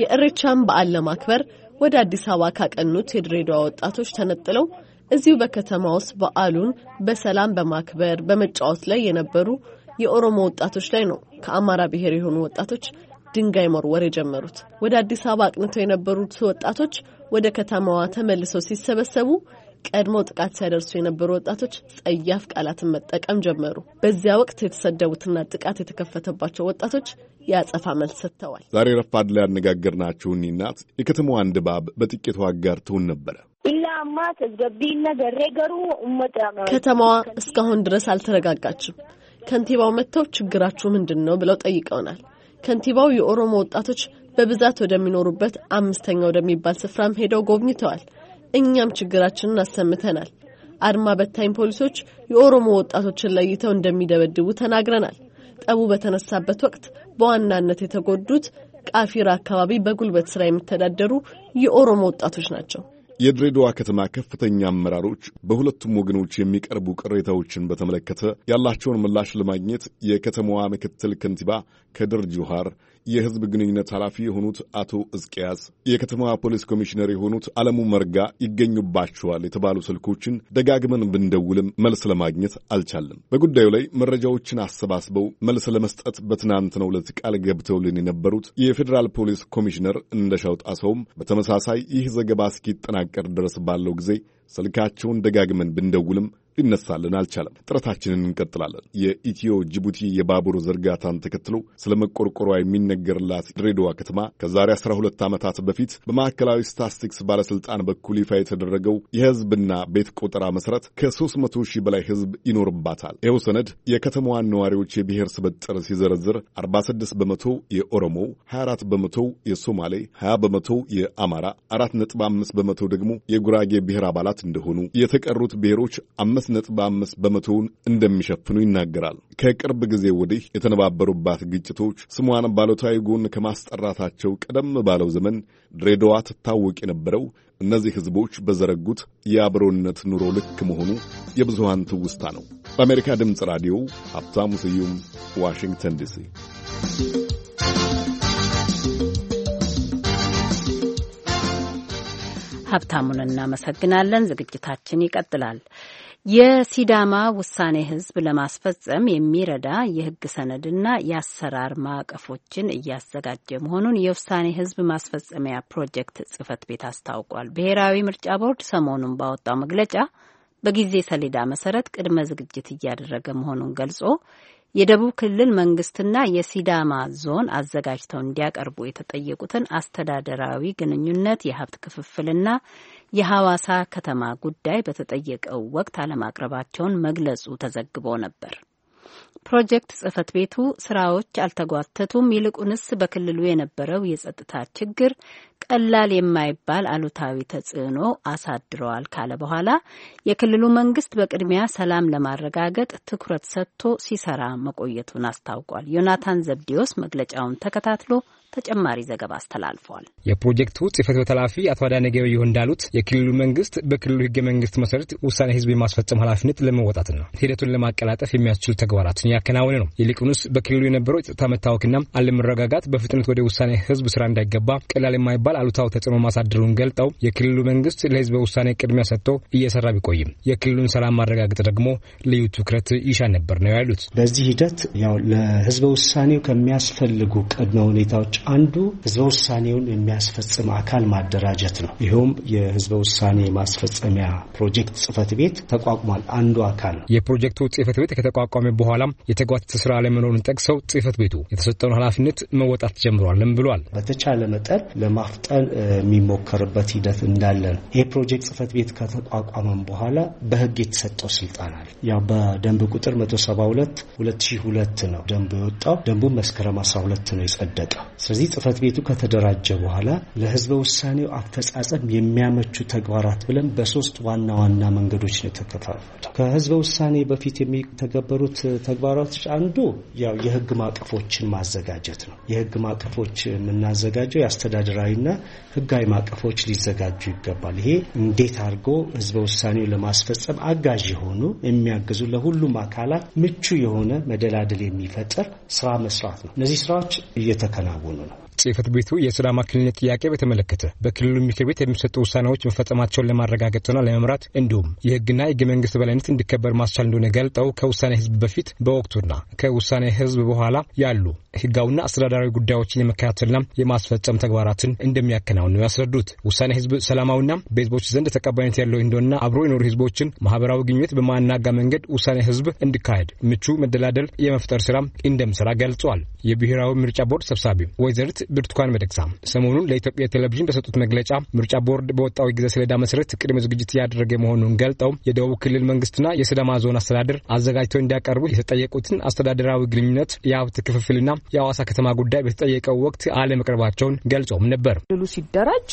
የእሬቻን በዓል ለማክበር ወደ አዲስ አበባ ካቀኑት የድሬዳዋ ወጣቶች ተነጥለው እዚሁ በከተማ ውስጥ በዓሉን በሰላም በማክበር በመጫወት ላይ የነበሩ የኦሮሞ ወጣቶች ላይ ነው ከአማራ ብሔር የሆኑ ወጣቶች ድንጋይ መወርወር የጀመሩት። ወደ አዲስ አበባ አቅንተው የነበሩት ወጣቶች ወደ ከተማዋ ተመልሰው ሲሰበሰቡ ቀድሞ ጥቃት ሲያደርሱ የነበሩ ወጣቶች ጸያፍ ቃላትን መጠቀም ጀመሩ። በዚያ ወቅት የተሰደቡትና ጥቃት የተከፈተባቸው ወጣቶች የአጸፋ መልስ ሰጥተዋል። ዛሬ ረፋድ ላይ ያነጋገርናችሁ እኚህ እናት የከተማዋን ድባብ በጥቂቱ አጋርተውን ነበረ። ከተማዋ እስካሁን ድረስ አልተረጋጋችም። ከንቲባው መጥተው ችግራችሁ ምንድን ነው ብለው ጠይቀውናል። ከንቲባው የኦሮሞ ወጣቶች በብዛት ወደሚኖሩበት አምስተኛ ወደሚባል ስፍራም ሄደው ጎብኝተዋል። እኛም ችግራችንን አሰምተናል። አድማ በታኝ ፖሊሶች የኦሮሞ ወጣቶችን ለይተው እንደሚደበድቡ ተናግረናል። ጠቡ በተነሳበት ወቅት በዋናነት የተጎዱት ቃፊራ አካባቢ በጉልበት ስራ የሚተዳደሩ የኦሮሞ ወጣቶች ናቸው። የድሬዳዋ ከተማ ከፍተኛ አመራሮች በሁለቱም ወገኖች የሚቀርቡ ቅሬታዎችን በተመለከተ ያላቸውን ምላሽ ለማግኘት የከተማዋ ምክትል ከንቲባ ከድር ጁሃር የህዝብ ግንኙነት ኃላፊ የሆኑት አቶ እዝቅያስ፣ የከተማዋ ፖሊስ ኮሚሽነር የሆኑት አለሙ መርጋ ይገኙባቸዋል የተባሉ ስልኮችን ደጋግመን ብንደውልም መልስ ለማግኘት አልቻለም። በጉዳዩ ላይ መረጃዎችን አሰባስበው መልስ ለመስጠት በትናንትናው ዕለት ቃል ገብተውልን የነበሩት የፌዴራል ፖሊስ ኮሚሽነር እንደሻው ጣሰውም በተመሳሳይ ይህ ዘገባ እስኪጠናቀር ድረስ ባለው ጊዜ ስልካቸውን ደጋግመን ብንደውልም ሊነሳልን አልቻለም። ጥረታችንን እንቀጥላለን። የኢትዮ ጅቡቲ የባቡር ዝርጋታን ተከትሎ ስለ መቆርቆሯ የሚነገርላት ድሬዳዋ ከተማ ከዛሬ 12 ዓመታት በፊት በማዕከላዊ ስታስቲክስ ባለሥልጣን በኩል ይፋ የተደረገው የሕዝብና ቤት ቆጠራ መሠረት ከ300 ሺህ በላይ ሕዝብ ይኖርባታል። ይኸው ሰነድ የከተማዋን ነዋሪዎች የብሔር ስብጥር ሲዘረዝር 46 በመቶ የኦሮሞ፣ 24 በመቶ የሶማሌ፣ 20 በመቶ የአማራ፣ 4.5 በመቶ ደግሞ የጉራጌ ብሔር አባላት እንደሆኑ የተቀሩት ብሔሮች አምስት ነጥብ አምስት በመቶውን እንደሚሸፍኑ ይናገራል። ከቅርብ ጊዜ ወዲህ የተነባበሩባት ግጭቶች ስሟን ባሉታዊ ጎን ከማስጠራታቸው ቀደም ባለው ዘመን ድሬዳዋ ትታወቅ የነበረው እነዚህ ሕዝቦች በዘረጉት የአብሮነት ኑሮ ልክ መሆኑ የብዙሃን ትውስታ ነው። በአሜሪካ ድምፅ ራዲዮ ሀብታሙ ስዩም ዋሽንግተን ዲሲ። ሀብታሙን እናመሰግናለን። ዝግጅታችን ይቀጥላል። የሲዳማ ውሳኔ ህዝብ ለማስፈጸም የሚረዳ የህግ ሰነድና የአሰራር ማዕቀፎችን እያዘጋጀ መሆኑን የውሳኔ ህዝብ ማስፈጸሚያ ፕሮጀክት ጽህፈት ቤት አስታውቋል። ብሔራዊ ምርጫ ቦርድ ሰሞኑን ባወጣው መግለጫ በጊዜ ሰሌዳ መሰረት ቅድመ ዝግጅት እያደረገ መሆኑን ገልጾ የደቡብ ክልል መንግስትና የሲዳማ ዞን አዘጋጅተው እንዲያቀርቡ የተጠየቁትን አስተዳደራዊ ግንኙነት፣ የሀብት ክፍፍልና የሐዋሳ ከተማ ጉዳይ በተጠየቀው ወቅት አለማቅረባቸውን መግለጹ ተዘግቦ ነበር። ፕሮጀክት ጽህፈት ቤቱ ስራዎች አልተጓተቱም፣ ይልቁንስ በክልሉ የነበረው የጸጥታ ችግር ቀላል የማይባል አሉታዊ ተጽዕኖ አሳድረዋል ካለ በኋላ የክልሉ መንግስት በቅድሚያ ሰላም ለማረጋገጥ ትኩረት ሰጥቶ ሲሰራ መቆየቱን አስታውቋል። ዮናታን ዘብዲዮስ መግለጫውን ተከታትሎ ተጨማሪ ዘገባ አስተላልፏል። የፕሮጀክቱ ጽህፈት ቤት ኃላፊ አቶ አዳነ ገበየሁ እንዳሉት የክልሉ መንግስት በክልሉ ህገ መንግስት መሰረት ውሳኔ ህዝብ የማስፈጸም ኃላፊነት ለመወጣት ነው። ሂደቱን ለማቀላጠፍ የሚያስችሉ ተግባራትን ያከናወነ ነው። ይልቁንስ በክልሉ የነበረው የጸጥታ መታወክና አለመረጋጋት በፍጥነት ወደ ውሳኔ ህዝብ ስራ እንዳይገባ ቀላል የማይባል አሉታው ተጽዕኖ ማሳደሩን ገልጠው የክልሉ መንግስት ለህዝበ ውሳኔ ቅድሚያ ሰጥቶ እየሰራ ቢቆይም የክልሉን ሰላም ማረጋገጥ ደግሞ ልዩ ትኩረት ይሻ ነበር ነው ያሉት። በዚህ ሂደት ያው ለህዝበ ውሳኔው ከሚያስፈልጉ ቅድመ ሁኔታዎች አንዱ ህዝበ ውሳኔውን የሚያስፈጽም አካል ማደራጀት ነው። ይኸውም የህዝበ ውሳኔ ማስፈጸሚያ ፕሮጀክት ጽህፈት ቤት ተቋቁሟል። አንዱ አካል ነው። የፕሮጀክቱ ጽህፈት ቤት ከተቋቋመ በኋላም የተጓተተ ስራ አለመኖሩን ጠቅሰው ጽህፈት ቤቱ የተሰጠውን ኃላፊነት መወጣት ጀምሯልም ብሏል። በተቻለ መጠን ለማፍ ለማፋጠን የሚሞከርበት ሂደት እንዳለ ነው። ይህ ፕሮጀክት ጽህፈት ቤት ከተቋቋመም በኋላ በህግ የተሰጠው ስልጣን አለ። ያው በደንብ ቁጥር 172 2002 ነው ደንቡ የወጣው። ደንቡ መስከረም 12 ነው የጸደቀው። ስለዚህ ጽህፈት ቤቱ ከተደራጀ በኋላ ለህዝበ ውሳኔው አፈጻጸም የሚያመቹ ተግባራት ብለን በሶስት ዋና ዋና መንገዶች ነው የተከፋፈለው። ከህዝበ ውሳኔ በፊት የሚተገበሩት ተግባራቶች አንዱ ያው የህግ ማቀፎችን ማዘጋጀት ነው። የህግ ማቀፎች የምናዘጋጀው የአስተዳደራዊና ህጋዊ ማቀፎች ሊዘጋጁ ይገባል። ይሄ እንዴት አድርጎ ህዝበ ውሳኔው ለማስፈጸም አጋዥ የሆኑ የሚያግዙ ለሁሉም አካላት ምቹ የሆነ መደላደል የሚፈጥር ስራ መስራት ነው። እነዚህ ስራዎች እየተከናወኑ ነው። ጽህፈት ቤቱ የሲዳማ ክልልነት ጥያቄ በተመለከተ በክልሉ ምክር ቤት የሚሰጡ ውሳኔዎች መፈጸማቸውን ለማረጋገጥና ለመምራት እንዲሁም የህግና የህገ መንግስት በላይነት እንዲከበር ማስቻል እንደሆነ ገልጠው ከውሳኔ ህዝብ በፊት በወቅቱና ከውሳኔ ህዝብ በኋላ ያሉ ህጋዊና አስተዳዳራዊ ጉዳዮችን የመከታተልና የማስፈጸም ተግባራትን እንደሚያከናውን ነው ያስረዱት። ውሳኔ ህዝብ ሰላማዊና በህዝቦች ዘንድ ተቀባይነት ያለው እንደሆነና አብሮ የኖሩ ህዝቦችን ማህበራዊ ግኝት በማናጋ መንገድ ውሳኔ ህዝብ እንዲካሄድ ምቹ መደላደል የመፍጠር ስራ እንደምሰራ ገልጿል። የብሔራዊ ምርጫ ቦርድ ሰብሳቢ ወይዘሪት ብርቱካን ሚደቅሳ ሰሞኑን ለኢትዮጵያ ቴሌቪዥን በሰጡት መግለጫ ምርጫ ቦርድ በወጣው ጊዜ ሰሌዳ መሰረት ቅድመ ዝግጅት እያደረገ መሆኑን ገልጠው የደቡብ ክልል መንግስትና የስዳማ ዞን አስተዳደር አዘጋጅተው እንዲያቀርቡ የተጠየቁትን አስተዳደራዊ ግንኙነት፣ የሀብት ክፍፍልና የአዋሳ ከተማ ጉዳይ በተጠየቀው ወቅት አለመቅረባቸውን ገልጾም ነበር። ክልሉ ሲደራጅ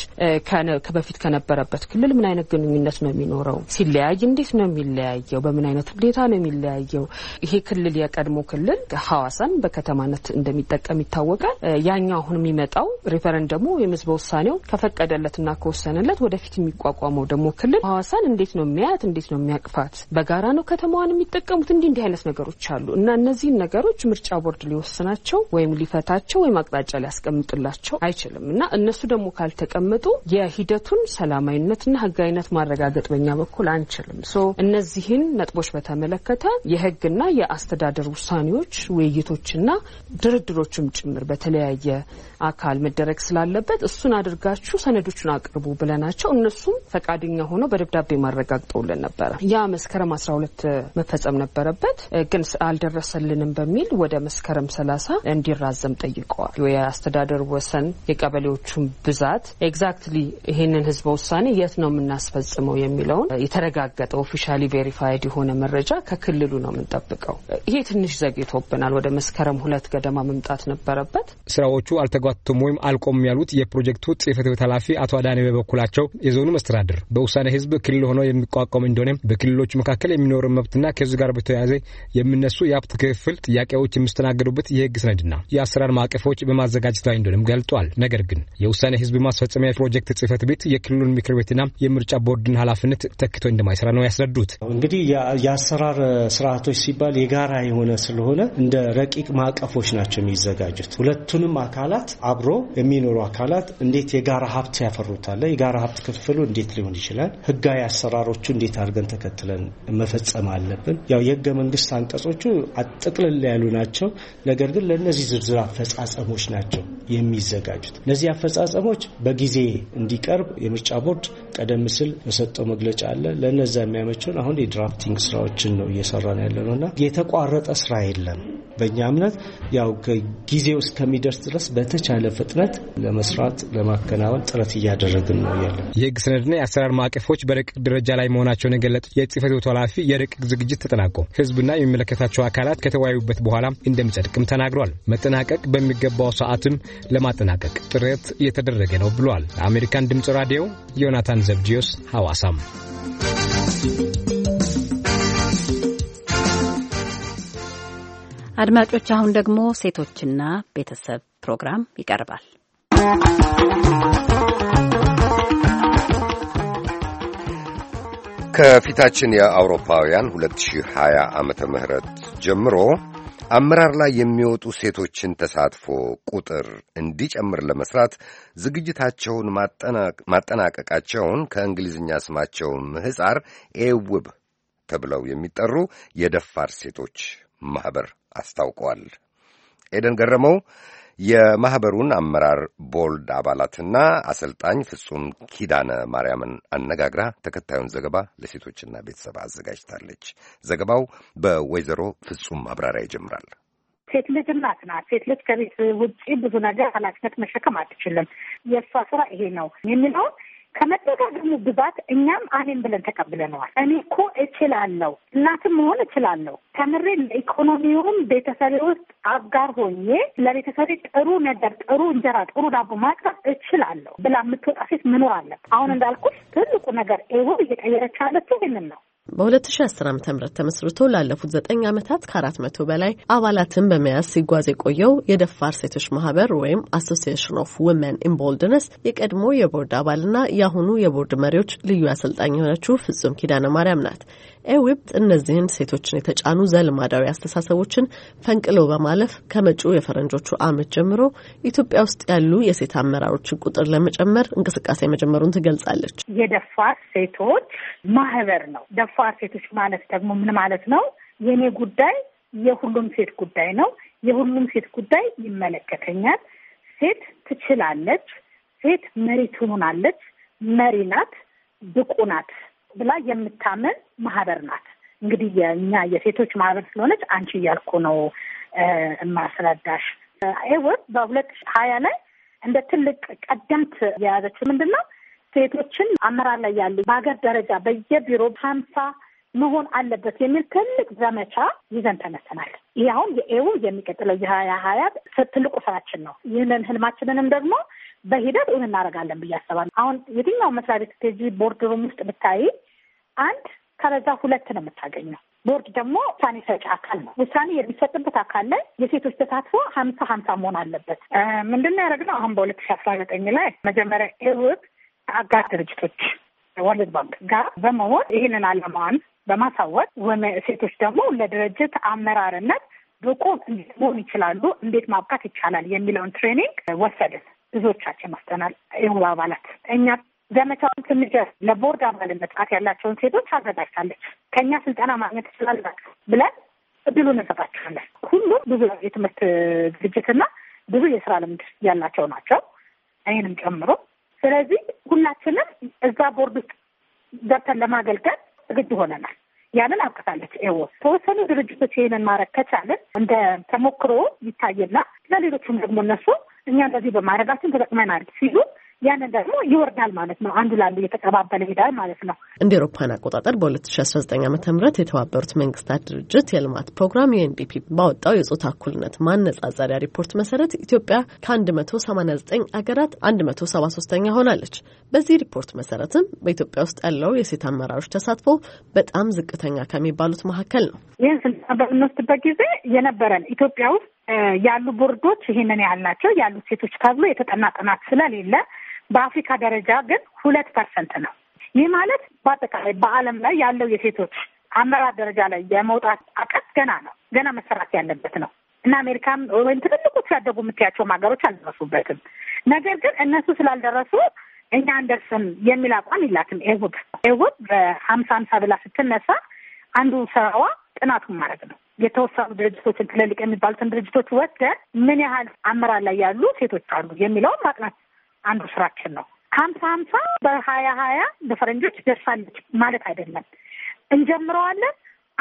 በፊት ከነበረበት ክልል ምን አይነት ግንኙነት ነው የሚኖረው? ሲለያይ እንዴት ነው የሚለያየው? በምን አይነት ሁኔታ ነው የሚለያየው? ይሄ ክልል የቀድሞ ክልል ሀዋሳን በከተማነት እንደሚጠቀም ይታወቃል። ያኛው አሁንም የሚመጣው ሪፈረንደሙ ወይም ህዝበ ውሳኔው ከፈቀደለትና ከወሰነለት ወደፊት የሚቋቋመው ደግሞ ክልል ሀዋሳን እንዴት ነው የሚያያት? እንዴት ነው የሚያቅፋት? በጋራ ነው ከተማዋን የሚጠቀሙት? እንዲህ እንዲህ አይነት ነገሮች አሉ እና እነዚህን ነገሮች ምርጫ ቦርድ ሊወስናቸው ወይም ሊፈታቸው ወይም አቅጣጫ ሊያስቀምጥላቸው አይችልም እና እነሱ ደግሞ ካልተቀመጡ የሂደቱን ሰላማዊነትና ህጋዊነት ማረጋገጥ በኛ በኩል አንችልም። ሶ እነዚህን ነጥቦች በተመለከተ የህግና የአስተዳደር ውሳኔዎች ውይይቶችና ድርድሮችም ጭምር በተለያየ አካል መደረግ ስላለበት እሱን አድርጋችሁ ሰነዶቹን አቅርቡ ብለናቸው እነሱም ፈቃደኛ ሆነው በደብዳቤ ማረጋግጠውልን ነበረ። ያ መስከረም አስራ ሁለት መፈጸም ነበረበት፣ ግን አልደረሰልንም በሚል ወደ መስከረም ሰላሳ እንዲራዘም ጠይቀዋል። የአስተዳደር ወሰን የቀበሌዎቹን ብዛት ኤግዛክትሊ ይህንን ህዝበ ውሳኔ የት ነው የምናስፈጽመው የሚለውን የተረጋገጠ ኦፊሻሊ ቬሪፋይድ የሆነ መረጃ ከክልሉ ነው የምንጠብቀው። ይሄ ትንሽ ዘግይቶብናል። ወደ መስከረም ሁለት ገደማ መምጣት ነበረበት። ስራዎቹ አልተጓ አልተጓተቱም ወይም አልቆም ያሉት የፕሮጀክቱ ጽህፈት ቤት ኃላፊ አቶ አዳኔ በበኩላቸው የዞኑ መስተዳድር በውሳኔ ህዝብ ክልል ሆኖ የሚቋቋም እንደሆነ በክልሎች መካከል የሚኖር መብትና ከዚህ ጋር በተያያዘ የሚነሱ የሀብት ክፍል ጥያቄዎች የሚስተናገዱበት የህግ ሰነድና የአሰራር ማዕቀፎች በማዘጋጀት ላይ እንደሆነም ገልጧል። ነገር ግን የውሳኔ ህዝብ ማስፈጸሚያ ፕሮጀክት ጽህፈት ቤት የክልሉን ምክር ቤትና የምርጫ ቦርድን ኃላፊነት ተክቶ እንደማይሰራ ነው ያስረዱት። እንግዲህ የአሰራር ስርዓቶች ሲባል የጋራ የሆነ ስለሆነ እንደ ረቂቅ ማዕቀፎች ናቸው የሚዘጋጁት። ሁለቱንም አካላት አብሮ የሚኖሩ አካላት እንዴት የጋራ ሀብት ያፈሩታለ የጋራ ሀብት ክፍሉ እንዴት ሊሆን ይችላል? ህጋዊ አሰራሮቹ እንዴት አድርገን ተከትለን መፈጸም አለብን? ያው የህገ መንግስት አንቀጾቹ አጠቅልል ያሉ ናቸው። ነገር ግን ለእነዚህ ዝርዝር አፈጻጸሞች ናቸው የሚዘጋጁት። እነዚህ አፈጻጸሞች በጊዜ እንዲቀርብ የምርጫ ቦርድ ቀደም ሲል በሰጠው መግለጫ አለ። ለእነዛ የሚያመቸውን አሁን የድራፍቲንግ ስራዎችን ነው እየሰራ ነው ያለ ነው እና የተቋረጠ ስራ የለም። በእኛ እምነት ያው ከጊዜው እስከሚደርስ ድረስ በተቻ የተቻለ ፍጥነት ለመስራት ለማከናወን ጥረት እያደረግን ነው ያለ የህግ ሰነድና የአሰራር ማዕቀፎች በረቂቅ ደረጃ ላይ መሆናቸውን የገለጡት የጽህፈት ቤቱ ኃላፊ የረቂቅ ዝግጅት ተጠናቆ ህዝብና የሚመለከታቸው አካላት ከተወያዩበት በኋላ እንደሚጸድቅም ተናግሯል። መጠናቀቅ በሚገባው ሰዓትም ለማጠናቀቅ ጥረት እየተደረገ ነው ብሏል። ለአሜሪካን ድምፅ ራዲዮ ዮናታን ዘብዲዮስ ሐዋሳም አድማጮች፣ አሁን ደግሞ ሴቶችና ቤተሰብ ፕሮግራም ይቀርባል። ከፊታችን የአውሮፓውያን 2020 ዓመተ ምህረት ጀምሮ አመራር ላይ የሚወጡ ሴቶችን ተሳትፎ ቁጥር እንዲጨምር ለመስራት ዝግጅታቸውን ማጠናቀቃቸውን ከእንግሊዝኛ ስማቸው ምህፃር ኤውብ ተብለው የሚጠሩ የደፋር ሴቶች ማኅበር አስታውቀዋል። ኤደን ገረመው የማኅበሩን አመራር ቦርድ አባላትና አሰልጣኝ ፍጹም ኪዳነ ማርያምን አነጋግራ ተከታዩን ዘገባ ለሴቶችና ቤተሰብ አዘጋጅታለች። ዘገባው በወይዘሮ ፍጹም ማብራሪያ ይጀምራል። ሴት ልጅ እናት ናት። ሴት ልጅ ከቤት ውጭ ብዙ ነገር ኃላፊነት መሸከም አትችልም። የእሷ ስራ ይሄ ነው የሚለውን ከመደጋገሙ ብዛት እኛም አሜን ብለን ተቀብለነዋል። እኔ እኮ እችላለሁ፣ እናትም መሆን እችላለሁ። ተምሬ ለኢኮኖሚውም ቤተሰቤ ውስጥ አጋር ሆኜ ለቤተሰቤ ጥሩ ነገር፣ ጥሩ እንጀራ፣ ጥሩ ዳቦ ማቅረብ እችላለሁ ብላ የምትወጣ ሴት መኖር አለብን። አሁን እንዳልኩሽ ትልቁ ነገር ይሆን እየቀየረች ያለችው ይህንን ነው። በ2010 ዓ ም ተመስርቶ ላለፉት ዘጠኝ ዓመታት ከ400 በላይ አባላትን በመያዝ ሲጓዝ የቆየው የደፋር ሴቶች ማህበር ወይም አሶሲሽን ኦፍ ውመን ኢምቦልድነስ የቀድሞ የቦርድ አባልና የአሁኑ የቦርድ መሪዎች ልዩ አሰልጣኝ የሆነችው ፍጹም ኪዳነ ማርያም ናት። ኤዊፕት እነዚህን ሴቶችን የተጫኑ ዘልማዳዊ አስተሳሰቦችን ፈንቅሎ በማለፍ ከመጪው የፈረንጆቹ ዓመት ጀምሮ ኢትዮጵያ ውስጥ ያሉ የሴት አመራሮችን ቁጥር ለመጨመር እንቅስቃሴ መጀመሩን ትገልጻለች። የደፋር ሴቶች ማህበር ነው። ፎር ሴቶች ማለት ደግሞ ምን ማለት ነው? የእኔ ጉዳይ የሁሉም ሴት ጉዳይ ነው። የሁሉም ሴት ጉዳይ ይመለከተኛል። ሴት ትችላለች፣ ሴት መሪ ትሆናለች፣ መሪ ናት፣ ብቁ ናት ብላ የምታምን ማህበር ናት። እንግዲህ የእኛ የሴቶች ማህበር ስለሆነች አንቺ እያልኩ ነው የማስረዳሽ። ይህ በሁለት ሀያ ላይ እንደ ትልቅ ቀደምት የያዘችው ምንድን ነው ሴቶችን አመራር ላይ ያሉ በሀገር ደረጃ በየቢሮ ሀምሳ መሆን አለበት የሚል ትልቅ ዘመቻ ይዘን ተነስተናል። ይህ አሁን የኤው የሚቀጥለው የሀያ ሀያ ትልቁ ስራችን ነው። ይህንን ህልማችንንም ደግሞ በሂደት እውን እናደርጋለን ብዬ አስባለሁ። አሁን የትኛው መስሪያ ቤት ቴጂ ቦርድ ሩም ውስጥ ብታይ አንድ ከረዛ ሁለት ነው የምታገኘው። ቦርድ ደግሞ ውሳኔ ሰጪ አካል ነው። ውሳኔ የሚሰጥበት አካል ላይ የሴቶች ተሳትፎ ሀምሳ ሀምሳ መሆን አለበት። ምንድን ነው ያደረግነው? አሁን በሁለት ሺ አስራ ዘጠኝ ላይ መጀመሪያ ኤውብ ከአጋር ድርጅቶች ወርልድ ባንክ ጋር በመሆን ይህንን አለማን በማሳወቅ ሴቶች ደግሞ ለድርጅት አመራርነት ብቁ እንዴት መሆን ይችላሉ፣ እንዴት ማብቃት ይቻላል የሚለውን ትሬኒንግ ወሰድን። ብዙዎቻችን መስተናል ይሁን አባላት እኛ ዘመቻውን ስንጀር ለቦርድ አባልነት ብቃት ያላቸውን ሴቶች አዘጋጅታለች። ከእኛ ስልጠና ማግኘት ትችላላችሁ ብለን እድሉ እንሰጣችኋለን። ሁሉም ብዙ የትምህርት ዝግጅትና ብዙ የስራ ልምድ ያላቸው ናቸው፣ እኔንም ጨምሮ ስለዚህ ሁላችንም እዛ ቦርድ ውስጥ ገብተን ለማገልገል ግድ ሆነናል። ያንን አውቀታለች ኤዎ ተወሰኑ ድርጅቶች ይህንን ማድረግ ከቻልን እንደ ተሞክሮ ይታየና ለሌሎችም ደግሞ እነሱ እኛ እንደዚህ በማድረጋችን ተጠቅመናል ሲሉ ያንን ደግሞ ይወርዳል ማለት ነው። አንዱ ለአንዱ እየተቀባበለ ሄዳል ማለት ነው። እንደ ኤሮፓን አቆጣጠር በ2019 ዓም ም የተባበሩት መንግስታት ድርጅት የልማት ፕሮግራም ዩኤንዲፒ ባወጣው የጾታ እኩልነት ማነጻጸሪያ ሪፖርት መሰረት ኢትዮጵያ ከ189 አገራት 173ኛ ሆናለች። በዚህ ሪፖርት መሰረትም በኢትዮጵያ ውስጥ ያለው የሴት አመራሮች ተሳትፎ በጣም ዝቅተኛ ከሚባሉት መካከል ነው። ይህን ስልጠና በምንወስድበት ጊዜ የነበረን ኢትዮጵያ ውስጥ ያሉ ቦርዶች ይህንን ያህል ናቸው ያሉት ሴቶች ተብሎ የተጠና ጥናት ስለሌለ በአፍሪካ ደረጃ ግን ሁለት ፐርሰንት ነው። ይህ ማለት በአጠቃላይ በዓለም ላይ ያለው የሴቶች አመራር ደረጃ ላይ የመውጣት አቀት ገና ነው፣ ገና መሰራት ያለበት ነው እና አሜሪካም ወይም ትልልቆቹ ያደጉ የምትያቸውም ሀገሮች አልደረሱበትም። ነገር ግን እነሱ ስላልደረሱ እኛ አንደርስም የሚል አቋም የላትም። ኤውብ ኤውብ በሀምሳ ሀምሳ ብላ ስትነሳ አንዱ ስራዋ ጥናቱን ማድረግ ነው። የተወሰኑ ድርጅቶችን ትልልቅ የሚባሉትን ድርጅቶች ወስደ ምን ያህል አመራር ላይ ያሉ ሴቶች አሉ የሚለውን ማጥናት አንዱ ስራችን ነው። ሀምሳ ሀምሳ በሀያ ሀያ በፈረንጆች ደርሳለች ማለት አይደለም። እንጀምረዋለን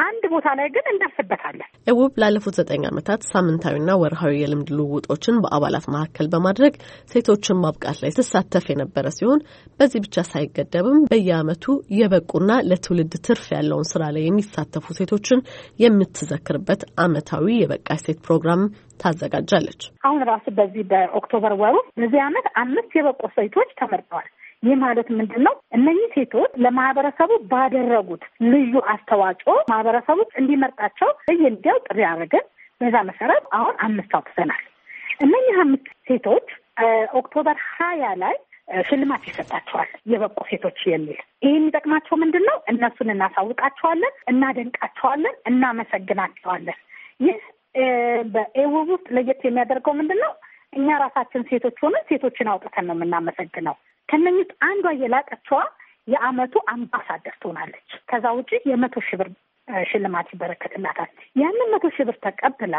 አንድ ቦታ ላይ ግን እንደርስበታለን። እውብ ላለፉት ዘጠኝ ዓመታት ሳምንታዊና ወርሃዊ የልምድ ልውውጦችን በአባላት መካከል በማድረግ ሴቶችን ማብቃት ላይ ትሳተፍ የነበረ ሲሆን በዚህ ብቻ ሳይገደብም በየዓመቱ የበቁና ለትውልድ ትርፍ ያለውን ስራ ላይ የሚሳተፉ ሴቶችን የምትዘክርበት ዓመታዊ የበቃች ሴት ፕሮግራም ታዘጋጃለች። አሁን ራሱ በዚህ በኦክቶበር ወሩ በዚህ ዓመት አምስት የበቁ ሴቶች ተመርጠዋል። ይህ ማለት ምንድን ነው? እነኚህ ሴቶች ለማህበረሰቡ ባደረጉት ልዩ አስተዋጽኦ ማህበረሰቡ እንዲመርጣቸው እንዲያው ጥሪ አድርገን በዛ መሰረት አሁን አምስት አውጥተናል። እነኚህ አምስት ሴቶች ኦክቶበር ሀያ ላይ ሽልማት ይሰጣቸዋል። የበቁ ሴቶች የሚል ይህ የሚጠቅማቸው ምንድን ነው? እነሱን እናሳውቃቸዋለን፣ እናደንቃቸዋለን፣ እናመሰግናቸዋለን። ይህ በኤውብ ውስጥ ለየት የሚያደርገው ምንድን ነው? እኛ ራሳችን ሴቶች ሆነን ሴቶችን አውጥተን ነው የምናመሰግነው። ከነኝት አንዷ የላቀችዋ የአመቱ አምባሳደር ትሆናለች። ከዛ ውጭ የመቶ ሺህ ብር ሽልማት ይበረከትላታል። ያንን መቶ ሺህ ብር ተቀብላ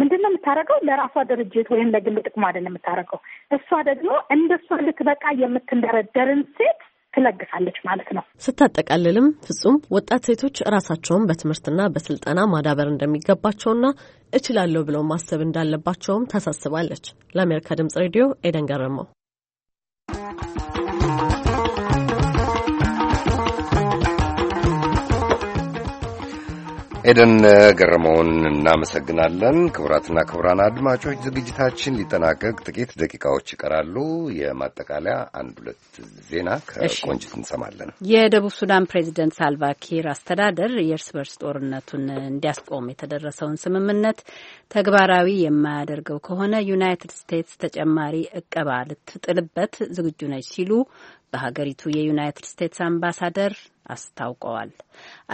ምንድን ነው የምታደርገው? ለራሷ ድርጅት ወይም ለግል ጥቅሟ አይደለም የምታደርገው። እሷ ደግሞ እንደሷ ልትበቃ የምትንደረደርን ሴት ትለግሳለች ማለት ነው። ስታጠቃልልም ፍጹም ወጣት ሴቶች ራሳቸውን በትምህርትና በስልጠና ማዳበር እንደሚገባቸውና እችላለሁ ብለው ማሰብ እንዳለባቸውም ታሳስባለች። ለአሜሪካ ድምጽ ሬዲዮ ኤደን ገረመው። Thank you. ኤደን ገረመውን እናመሰግናለን። ክቡራትና ክቡራን አድማጮች ዝግጅታችን ሊጠናቀቅ ጥቂት ደቂቃዎች ይቀራሉ። የማጠቃለያ አንድ ሁለት ዜና ከቆንጅት እንሰማለን። የደቡብ ሱዳን ፕሬዚደንት ሳልቫኪር አስተዳደር የእርስ በርስ ጦርነቱን እንዲያስቆም የተደረሰውን ስምምነት ተግባራዊ የማያደርገው ከሆነ ዩናይትድ ስቴትስ ተጨማሪ እቀባ ልትጥልበት ዝግጁ ነች ሲሉ በሀገሪቱ የዩናይትድ ስቴትስ አምባሳደር አስታውቀዋል።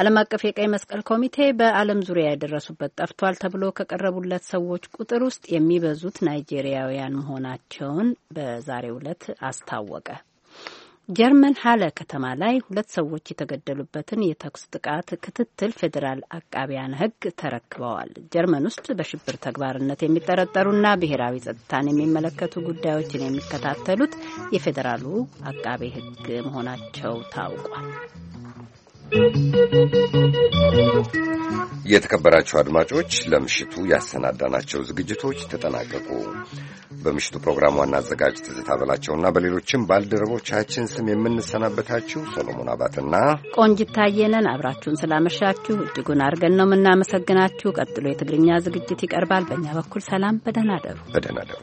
ዓለም አቀፍ የቀይ መስቀል ኮሚቴ በዓለም ዙሪያ የደረሱበት ጠፍቷል ተብሎ ከቀረቡለት ሰዎች ቁጥር ውስጥ የሚበዙት ናይጄሪያውያን መሆናቸውን በዛሬው ዕለት አስታወቀ። ጀርመን ሀለ ከተማ ላይ ሁለት ሰዎች የተገደሉበትን የተኩስ ጥቃት ክትትል ፌዴራል አቃቢያን ሕግ ተረክበዋል። ጀርመን ውስጥ በሽብር ተግባርነት የሚጠረጠሩና ብሔራዊ ጸጥታን የሚመለከቱ ጉዳዮችን የሚከታተሉት የፌዴራሉ አቃቤ ሕግ መሆናቸው ታውቋል። የተከበራችሁ አድማጮች ለምሽቱ ያሰናዳናቸው ዝግጅቶች ተጠናቀቁ። በምሽቱ ፕሮግራም ዋና አዘጋጅ ትዝታ በላቸውና በሌሎችም ባልደረቦቻችን ስም የምንሰናበታችሁ ሰሎሞን አባትና ቆንጂት ታየ አብራችሁን ስላመሻችሁ እጅጉን አድርገን ነው የምናመሰግናችሁ። ቀጥሎ የትግርኛ ዝግጅት ይቀርባል። በእኛ በኩል ሰላም፣ በደህና ደሩ፣ በደህና ደሩ።